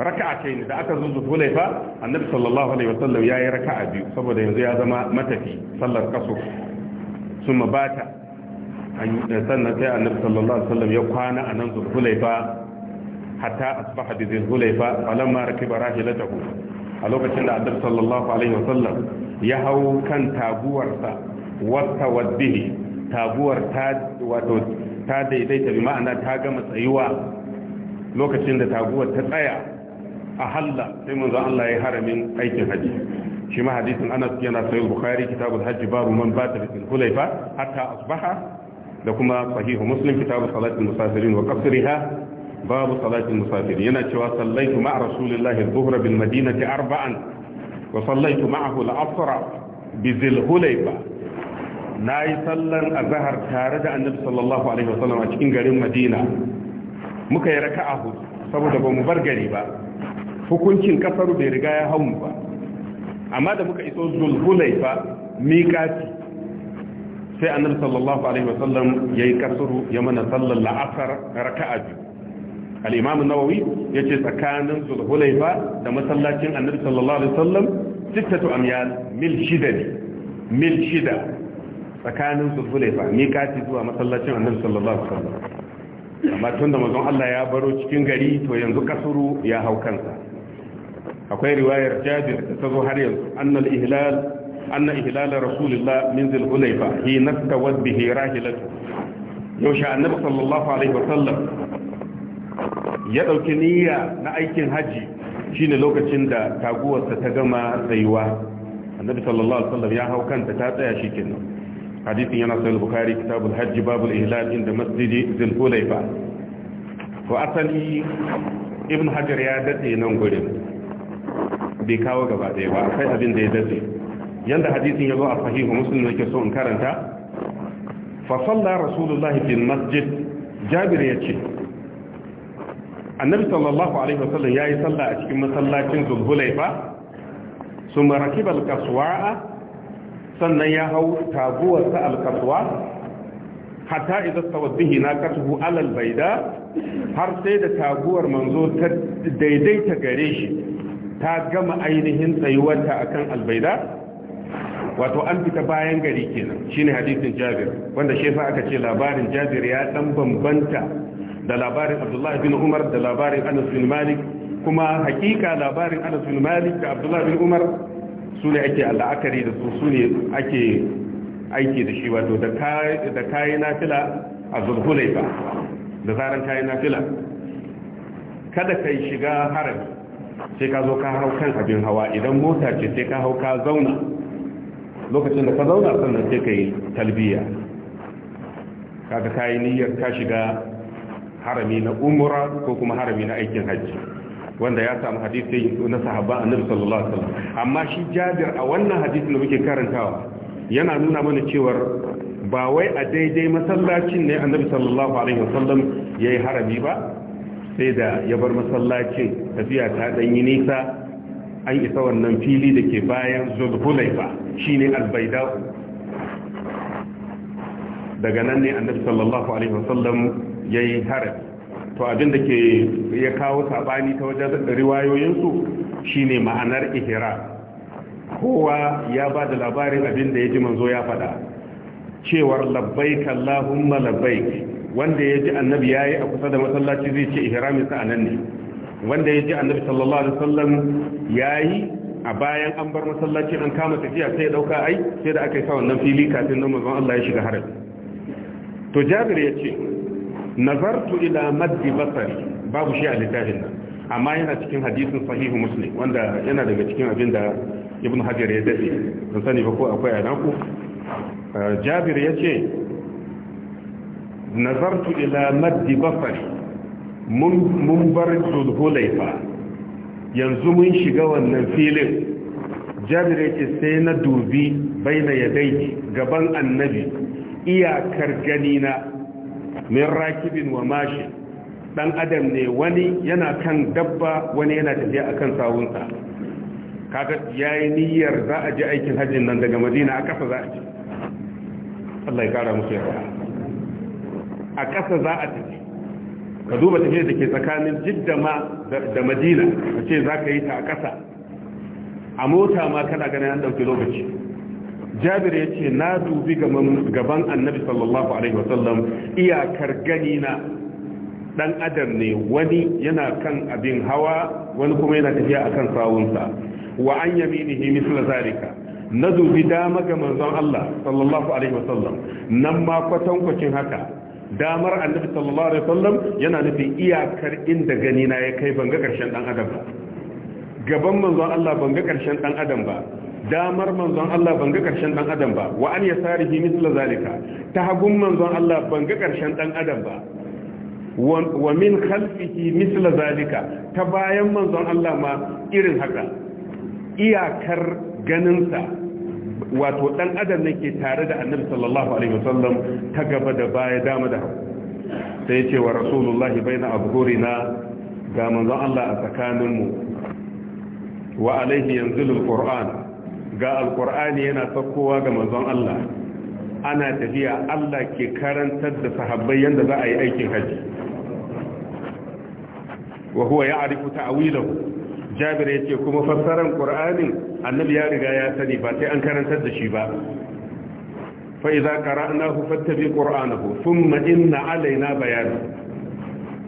Speaker 1: raka'a ce da aka zo zul hulaifa annabi sallallahu alaihi wasallam yayi raka'a biyu saboda yanzu ya zama matafi sallar kaso summa bata eh, sannan sai annabi sallallahu alaihi wasallam ya kwana a nan zulhulaifa hatta asbaha bi zulaifa falamma rakiba rahilatahu a lokacin da annabi sallallahu alaihi wasallam ya hau kan taguwarsa wasta waddihi taguwar ta wato ta daidaita bi ma'ana ta gama tsayuwa lokacin da taguwar ta tsaya a halla sai manzo Allah ya haramin aikin haji shi ma hadisin Anas yana sahih Bukhari kitabul hajj babu man bata bi hulaifa hatta asbaha da kuma sahihu muslim kitabu salatul musafirin wa qasriha babu salatin musafir yana cewa sallaitu ma'a rasulillahi dhuhra bil ta arba'an wa sallaitu ma'ahu al-asra bi zil hulayba nayi sallan azahar tare da annabi sallallahu alaihi wasallam a cikin garin madina muka yi raka'a hudu saboda ba mu bar gari ba hukuncin kasaru bai riga ya hau ba amma da muka iso zulhulaifa miƙati sai annabi yayi kasuru ya mana sallar la'asar raka'a biyu al-imam an-nawawi yace tsakanin zulhulaifa da masallacin annabi sallallahu alaihi wasallam sittatu amyal mil shida ne mil shida tsakanin zulhulaifa miƙati zuwa masallacin annabi sallallahu alaihi wasallam amma tunda mazan Allah ya baro cikin gari to yanzu kasuru ya hau kansa akwai riwayar jabir da ta zo har yanzu annal ihlal anna ihlal rasulillah min zil hulayfa hi nastawad bihi rahilatu yaushe annabi sallallahu alaihi wa sallam ya ɗauki niyya na aikin hajji shine lokacin da taguwarsa ta gama tsayuwa annabi sallallahu alaihi wasallam ya hau kanta ta tsaya shikenan hadisin yana sahih bukhari kitabul hajj babul ihlal inda masjidi zil hulayfa to asali ibn hajar ya dade nan gurin bai kawo gaba daya ba akwai abin da ya dade yanda hadisin yazo a sahihu muslim yake so in karanta fa sallallahu rasulullahi fil masjid jabir yace annabi sallallahu alaihi wasallam yayi sallah a cikin masallacin zulhulaifa suma rakiba alqaswa sannan ya hau taguwar sa alqaswa hatta idza tawaddihi naqatuhu ala albayda har sai da taguwar manzo ta daidaita gare shi ta gama ainihin tsayuwarta akan albayda wato an fita bayan gari kenan shine hadisin Jabir wanda shi aka ce labarin Jabir ya dan bambanta da labarin abdullahi bin umar da labarin anas bin malik kuma hakika labarin anas bin malik da abdullahi bin umar su ne ake al'akari da su su ne ake aiki da shi wato da kayi nafila a zulhulaifa da zaran kayi nafila kada ka yi shiga harami sai ka zo ka hau kan abin hawa idan mota ce sai ka hau ka zauna lokacin da ka zauna sannan sai ka yi talbiya kaga ka yi niyyar ka shiga harami na umura ko kuma harami na aikin hajji wanda ya samu hadisi na sahaba annabi sallallahu alaihi wasallam amma shi Jabir a wannan hadisin da muke karantawa yana nuna mana cewa ba wai a daidai masallacin ne annabi sallallahu alaihi wasallam yayi harami ba sai da ya bar masallaci tafiya ta danyi nisa an isa wannan fili da ke bayan zulhulaifa shine albaida daga nan ne annabi sallallahu alaihi wasallam ya yi harin to abin da ke ya kawo sabani ta wajen riwayoyinsu shine ma'anar ihira kowa ya ba da labarin abin da ya ji manzo ya faɗa cewar labbaik allahumma labbaik wanda ya ji annabi ya yi a kusa da masallaci zai ce ihira mai sa'anan ne wanda ya ji annabi sallallahu alaihi wasallam yi a bayan an bar masallaci an kama tafiya sai ya dauka ai sai da aka yi sa wannan fili kafin nan manzon Allah ya shiga harin to Jabir ya ce nazartu ila maddi basari babu shi a littafin nan amma yana cikin hadisin sahihu muslim wanda yana daga cikin abin da ibn hajar ya dace don sani ba ko akwai a naku uh, jabir ya ce nazartu ila maddi basari mun bar zulhulaifa yanzu mun shiga wannan filin jabir ya ce sai na dubi bai na yadai gaban annabi iyakar na. min rakibin wa mashi dan adam ne wani yana kan dabba wani yana tafiya akan sawunsa kaga yayi niyyar za a je aikin hajjin nan daga Madina a ƙasa za a je Allah ya kara musu yarda a ƙasa za a tafi ka duba tafiya da ke tsakanin Jidda ma da Madina ka ce za ka yi ta a ƙasa. a mota ma kana ganin an ɗauki lokaci jabir ya ce na dubi gaban annabi sallallahu alaihi wasallam iyakar gani na dan adam ne wani yana kan abin hawa wani kuma yana tafiya akan sawunsa wa an ne misla zalika na dubi dama ga manzon Allah sallallahu alaihi wasallam nan ma kwatankwacin haka damar annabi sallallahu alaihi wasallam yana nufin iyakar inda gani na ya kai banga karshen dan adam ba gaban manzon Allah ban ga ƙarshen ɗan adam ba damar manzon Allah ban ga karshen dan adam ba wa an yasarihi misla zalika ta hagun manzon Allah ban ga karshen dan adam ba wa min khalfihi misla zalika ta bayan manzon Allah ma irin haka iyakar ganinsa wato dan adam nake tare da annabi sallallahu alaihi wasallam ta gaba da baya dama da hagu sai ce wa rasulullahi baina abhurina ga manzon Allah a tsakaninmu wa alaihi yanzilul qur'an ga alkur'ani yana saukowa ga manzon Allah ana tafiya Allah ke karantar da sahabbai yadda za a yi aikin haji wa huwa ya'rifu ta'wilahu Jabir ya ce kuma fassaran Qur'anin annabi ya riga ya sani ba sai an karantar da shi ba fa idza qara'nahu fattabi qur'anahu thumma inna alaina bayana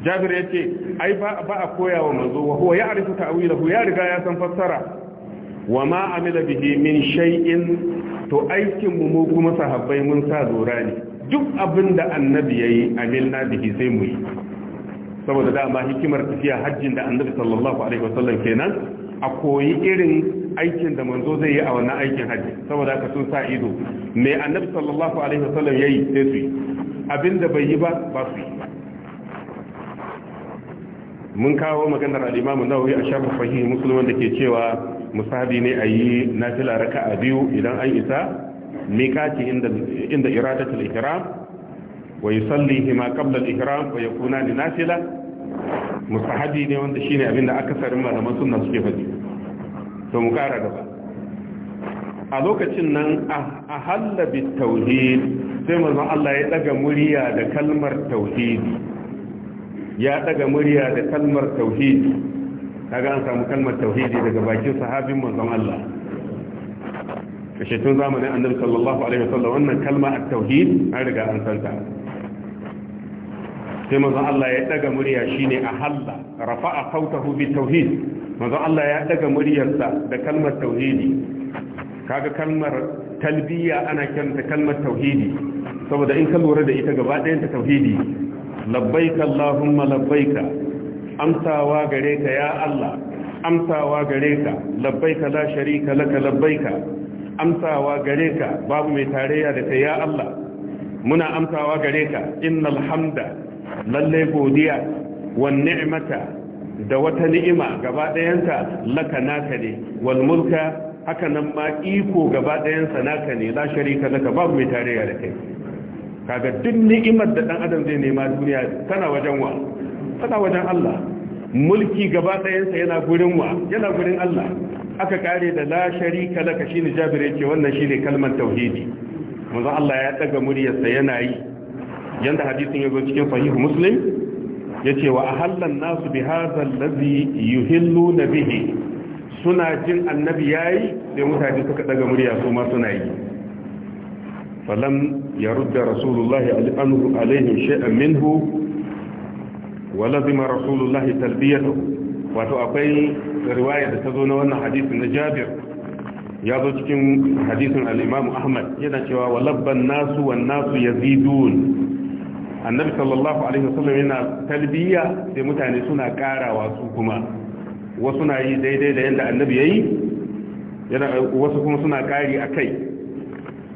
Speaker 1: Jabir ya yace ai ba ba a koyawa manzo wa huwa ya'rifu ta'wilahu ya riga ya san fassara wa ma amila bihi min shay'in to aikin mu mu kuma sahabbai mun sa zora ne duk abin da annabi yayi amilna bihi sai mu yi saboda dama hikimar tafiya hajjin da annabi sallallahu alaihi wasallam kenan a koyi irin aikin da manzo zai yi a wannan aikin hajji saboda ka sun sa ido me annabi sallallahu alaihi wasallam yayi sai su yi abinda bai yi ba ba su yi mun kawo maganar al-Imam Nawawi a shafin sahih musulman da ke cewa musabi ne a yi nafila raka a biyu idan an isa miƙaci inda iradatul ihram wa yusallihi hima qabla al-ihram wa yakuna ni nafila musahabi ne wanda shine abin da akasarin malaman sunna suke faɗi to mu ƙara gaba a lokacin nan a halla bi tauhid sai manzon Allah ya daga murya da kalmar tauhid ya daga murya da kalmar tauhid kaga an samu kalmar tauhidi daga bakin sahabin manzon Allah a shekun zamanin annabi sallallahu alaihi wasallam wannan kalma at-tauhid an riga an santa sai manzon Allah ya daga murya shine a halla rafa'a sautahu bi tauhid manzon Allah ya daga muryarsa da kalmar tauhidi kaga kalmar talbiya ana kiranta kalmar tauhidi saboda in ka lura da ita gaba ɗayan ta tauhidi labbaika allahumma labbaika amsawa gare ka ya Allah amsawa gare ka labbaika la sharika laka labbaika amsawa gare ka babu mai tarayya da kai ya Allah muna amsawa gare ka innal hamda lalle godiya wan ni'mata da wata ni'ima gaba dayanta laka naka ne wal mulka haka nan ma iko gaba dayansa naka ne la sharika laka babu mai tarayya da kai kaga duk ni'imar da dan adam zai nema duniya tana wajen wa tana wajen Allah mulki gaba ɗayansa yana gurin wa yana gurin Allah aka kare da la sharika laka shine jabir yake wannan shine kalmar tauhidi manzo Allah ya daga muryarsa yana yi yanda hadisin yazo cikin sahih muslim yace wa ahallan nasu bi hadha allazi yuhilluna bihi suna jin annabi yayi sai mutane suka daga murya su ma suna yi falam yarudda rasulullahi anhu alaihim shay'an minhu walazima rasulullahi talbiyatahu wato akwai riwaya da ta zo na wannan hadisin na jabir ya zo cikin hadisin al-imam ahmad yana cewa walabban nasu wan nasu yazidun annabi sallallahu alaihi wasallam yana talbiya sai mutane suna karawa su kuma wasu na yi daidai da yanda annabi yayi yana wasu kuma suna kari akai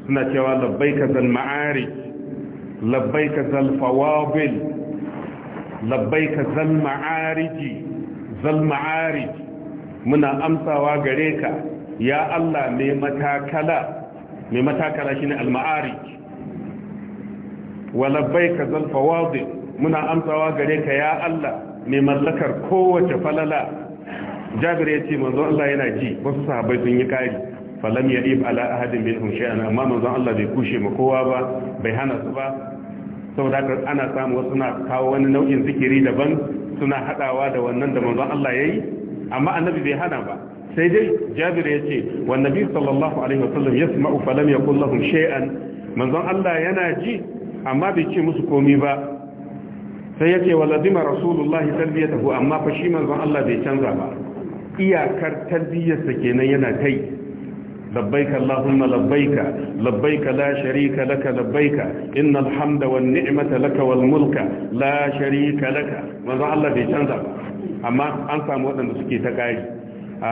Speaker 1: suna cewa labbaika zal ma'arij labbaika zal fawabil labbaika zal ma'ariji zal ma'ariji muna amsawa gare ka ya Allah mai matakala mai matakala shine al ma'arij wa labbaika zal fawadi muna amsawa gare ka ya Allah mai mallakar kowace falala jabir ya ce manzo Allah yana ji wasu sahabbai sun yi kari falam ya ib ala ahadin minhum shay'an amma manzo Allah bai kushe ma kowa ba bai hana su ba saboda ana samu suna kawo wani nau'in zikiri daban suna hadawa da wannan da manzon Allah yayi amma annabi bai hana ba sai dai Jabir ya ce wa nabi sallallahu alaihi wasallam yasma'u falam yaqul lahum shay'an manzon Allah yana ji amma bai ce musu komi ba sai ya wa waladima rasulullahi tarbiyatahu amma fa shi manzon Allah bai canza ba iyakar tarbiyyarsa kenan yana kai لبيك اللهم لبيك لبيك لا شريك لك لبيك إن الحمد والنعمة لك والملك لا شريك لك من الله في تنزل أما أنت مؤمن سكي تقاي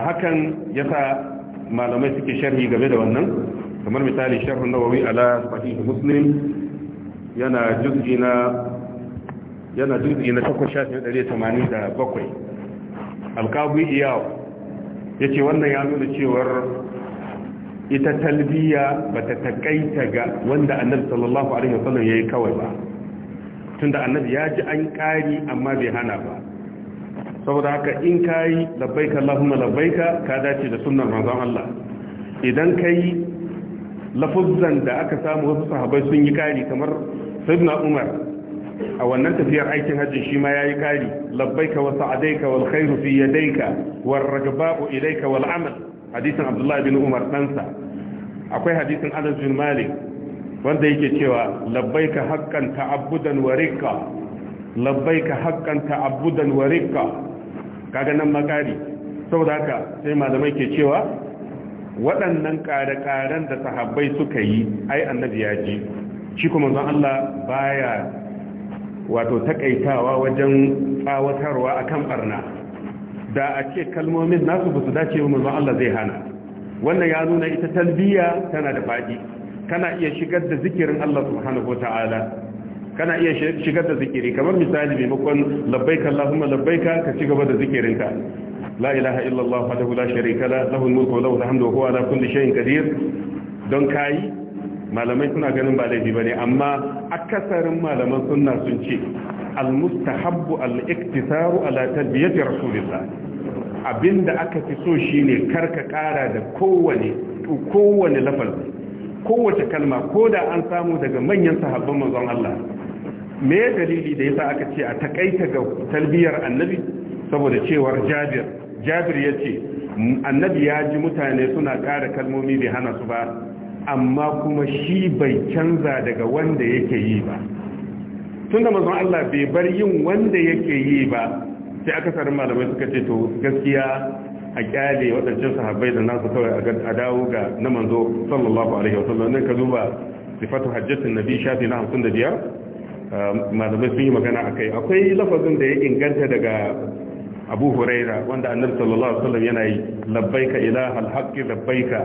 Speaker 1: هكذا يسا ما لم يسكي شرحي قبل وأنه kamar misali sharhun nawawi ala sahih muslim yana juz'i na yana juz'i na 1887 alqabi iyaw yace wannan ya nuna cewar ita talbiya bata takaita ga wanda annabi sallallahu alaihi wasallam yayi kawai ba tunda annabi ya ji an kari amma bai hana ba saboda haka in kayi labbaika allahumma labbaika ka dace da sunnar manzon Allah idan kai lafuzzan da aka samu wasu sahabbai sun yi kari kamar sayyidina Umar a wannan tafiyar aikin hajji shi ma yayi kari labbaika wa sa'adaika wal khairu fi yadayka war ragba'u ilayka wal amal hadisin abdullahi bin umar ɗansa akwai hadisin anas bin malik wanda yake cewa ka haƙƙan ta'abbudan wa riqqa ka haƙƙan ta'abbudan wa riqqa kaga nan makari saboda haka sai malamai ke cewa waɗannan ƙare-ƙaren da sahabbai suka yi ai annabi ya ji shi kuma zan Allah baya wato takaitawa wajen tsawatarwa akan barna da a ce kalmomin nasu ba su dace wa manzon Allah zai hana wannan ya nuna ita talbiya tana da fadi kana iya shigar da zikirin Allah subhanahu wataala kana iya shigar da zikiri kamar misali maimakon labbaika Allahumma labbaika ka ci gaba da zikirinka la ilaha illallah wahdahu la sharika la lahu al-mulku wa lahu al-hamdu wa huwa ala kulli shay'in qadir don kai malamai suna ganin ba laifi bane amma akasarin malaman sunna sun ce almustahabbu al-iktisaru ala talbiyati rasulillah abinda aka fi so shine karka kara da kowane kowane lafazi kowace kalma ko da an samu daga manyan sahabban manzon Allah me dalili da yasa aka ce a takaita ga talbiyar annabi saboda cewar Jabir Jabir yace annabi ya ji mutane suna kara kalmomi bai hana su ba amma kuma shi bai canza daga wanda yake yi ba tunda mazan Allah bai bar yin wanda yake yi ba sai aka akasarin malamai suka ce to gaskiya a kyale waɗancan sahabbai da nasu kawai a dawo ga na manzo sallallahu alaihi wasallam nan ka duba sifatu hajjatin nabi shafi na biyar malamai sun yi magana akai akwai lafazin da ya inganta daga abu huraira wanda annabi sallallahu alaihi wasallam yana yi labbaika ilaha alhaqqi labbaika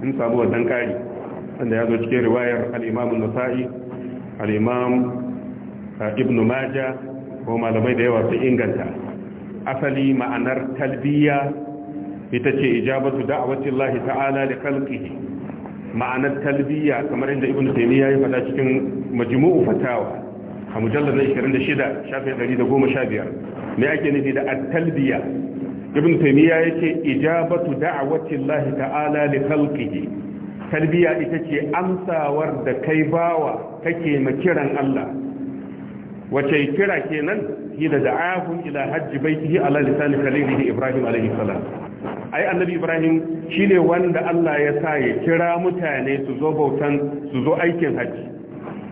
Speaker 1: In samu wannan kari wanda ya zo cikin riwayar al-imam an-nasa'i al uh, ibn majah ko malamai da yawa sun inganta asali ma'anar talbiya ita ce ijabatu da'awati Allah ta'ala li khalqihi ma'anar talbiya kamar inda ibn taymiya ya faɗa cikin majmu'u fatawa a mujallad 26 shafi 115 me ake nufi da at-talbiya ibn taymiya yace ijabatu da'wati Allah ta'ala li khalqihi talbiya ita ce amsawar da kai bawa kake ma kiran Allah wace kira kenan da da'ahum ila hajji baitihi ala lisan khalilihi Ibrahim Alayhi salam ai annabi Ibrahim shine wanda Allah ya sa ya kira mutane su zo bautan su zo aikin hajji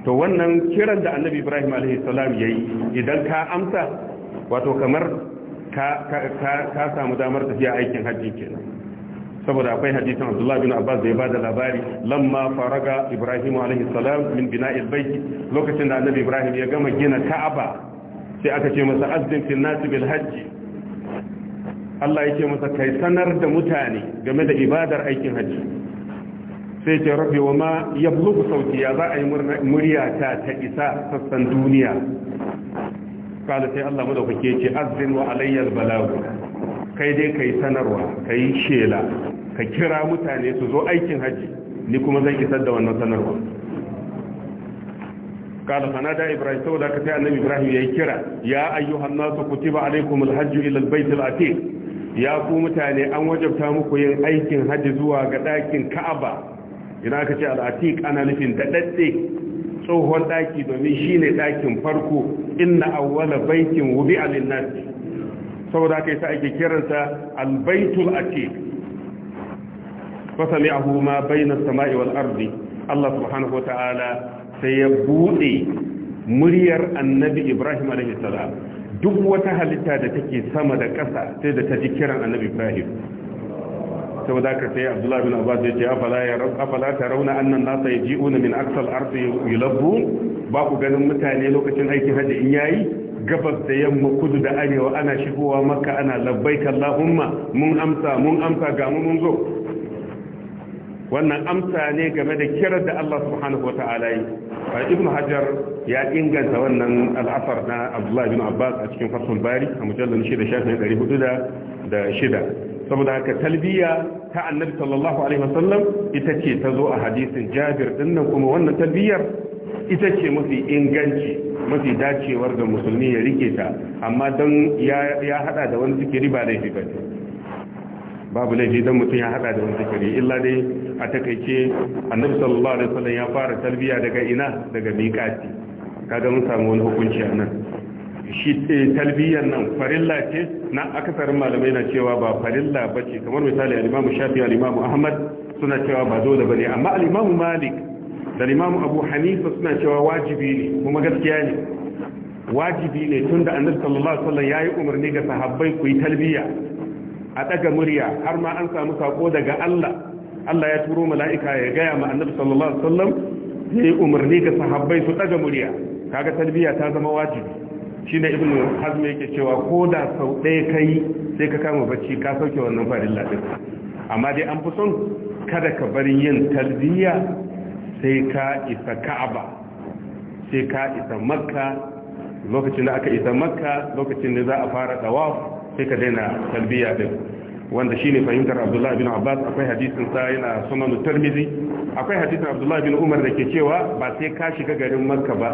Speaker 1: to wannan kiran da annabi Ibrahim Alayhi salam yayi idan ka amsa wato kamar ka samu damar tafiya aikin hajji kenan saboda akwai hadisin Abdullah bin Abbas da ya bada labari lamma faraga Ibrahim alaihi salam min bina'il bayt lokacin da Annabi Ibrahim ya gama gina Ka'aba sai aka ce masa azdin fil nas bil hajj Allah yake masa kai sanar da mutane game da ibadar aikin hajji sai ce rabbi wa ma yablugu sauti ya za a yi muryata ta isa sassan duniya kala sai Allah madaukake ce azzin wa alayyal balagu kai dai kai sanarwa kai shela ka kira mutane su zo aikin haji ni kuma zan isar da wannan sanarwa kala fanada ibrahim saboda ka sai annabi ibrahim yayi kira ya ayyuhan nasu kutiba alaikum hajju ila albayt alatiq ya ku mutane an wajabta muku yin aikin haji zuwa ga dakin ka'aba Ina ka ce al'atik ana nufin daɗaɗɗe tsohon daki domin shine dakin farko inna awwala baitin wubi alinnas saboda kai sa ake kiransa albaitul atiq fasami'ahu ma bayna as-sama'i wal ardi Allah subhanahu wa ta'ala sai ya buɗe muryar annabi Ibrahim alaihi salam duk wata halitta da take sama da ƙasa sai da ta ji kiran annabi Ibrahim saboda ka sai abdullahi bin abbas ya ce afala ta rauna afala tarawna annan nasa yaji'una min aqsal ardi yulabbu ba ku ganin mutane lokacin aikin haji in yayi gabas da yamma kudu da arewa ana shigowa maka ana labbai allahumma mun amsa mun amsa ga mu mun zo wannan amsa ne game da kirar da Allah subhanahu wa ta'ala yi ibn hajar ya inganta wannan al'asar na abdullahi bin abbas a cikin fasul bari a mujallar shida shafin ɗari hudu da shida saboda haka talbiya ta annabi sallallahu alaihi wasallam ita ce ta zo a hadisin jabir dinnan kuma wannan talbiyar ita ce mafi inganci mafi dacewar ga musulmi ya rike ta amma don ya hada da wani zikiri ba laifi ba babu laifi don mutum ya hada da wani zikiri illa dai a takaice annabi sallallahu alaihi wasallam ya fara talbiya daga ina daga miƙati kaga mun samu wani hukunci a nan shi eh, talbiyyar nan farilla ce na akasarin malamai na cewa ba farilla ba ce kamar misali alimamu shafi alimamu ahmad suna cewa ba zo ba ne amma alimamu malik da alimamu abu hanifa suna cewa wajibi ne kuma gaskiya ne wajibi ne tun da annabi sallallahu alaihi wasallam yayi umarni ga sahabbai ku yi talbiya a daga murya har ma an samu sako daga Allah Allah ya turo mala'ika ya gaya ma annabi sallallahu alaihi wasallam yayi umarni ga sahabbai su daga murya kaga talbiya ta zama wajibi shi ne ibn hazm yake cewa ko da sau ɗaya ka yi sai ka kama bacci ka sauke wannan farin ɗin amma dai an fi son kada ka bari yin tarbiyya sai ka isa ka'aba sai ka isa makka lokacin da aka isa makka lokacin da za a fara tawaf sai ka daina tarbiyya. din wanda shine fahimtar Abdullah bin Abbas akwai hadisin sa yana sunan Tirmidhi akwai hadisin Abdullah bin Umar da ke cewa ba sai ka shiga garin Makka ba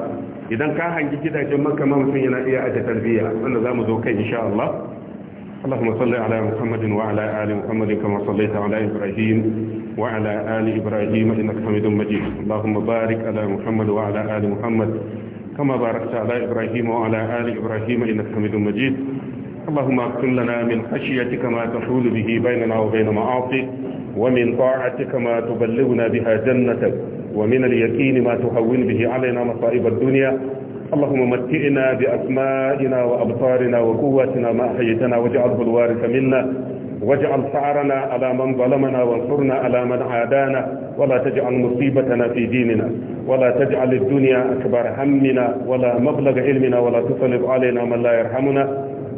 Speaker 1: idan ka hangi gidajen Makka ma mutum yana iya aje tarbiyya wanda zamu zo kai insha Allah اللهم صل على محمد وعلى آل محمد كما صليت على إبراهيم وعلى آل إبراهيم إنك حميد مجيد اللهم بارك على محمد وعلى آل محمد كما باركت على وعلى حميد مجيد اللهم اغفر لنا من خشيتك ما تحول به بيننا وبين معاصيك ومن طاعتك ما تبلغنا بها جنتك ومن اليقين ما تهون به علينا مصائب الدنيا اللهم متئنا بأسمائنا وأبصارنا وقواتنا ما أحيتنا واجعله الوارث منا واجعل صعرنا على من ظلمنا وانصرنا على من عادانا ولا تجعل مصيبتنا في ديننا ولا تجعل الدنيا أكبر همنا ولا مبلغ علمنا ولا تسلط علينا من لا يرحمنا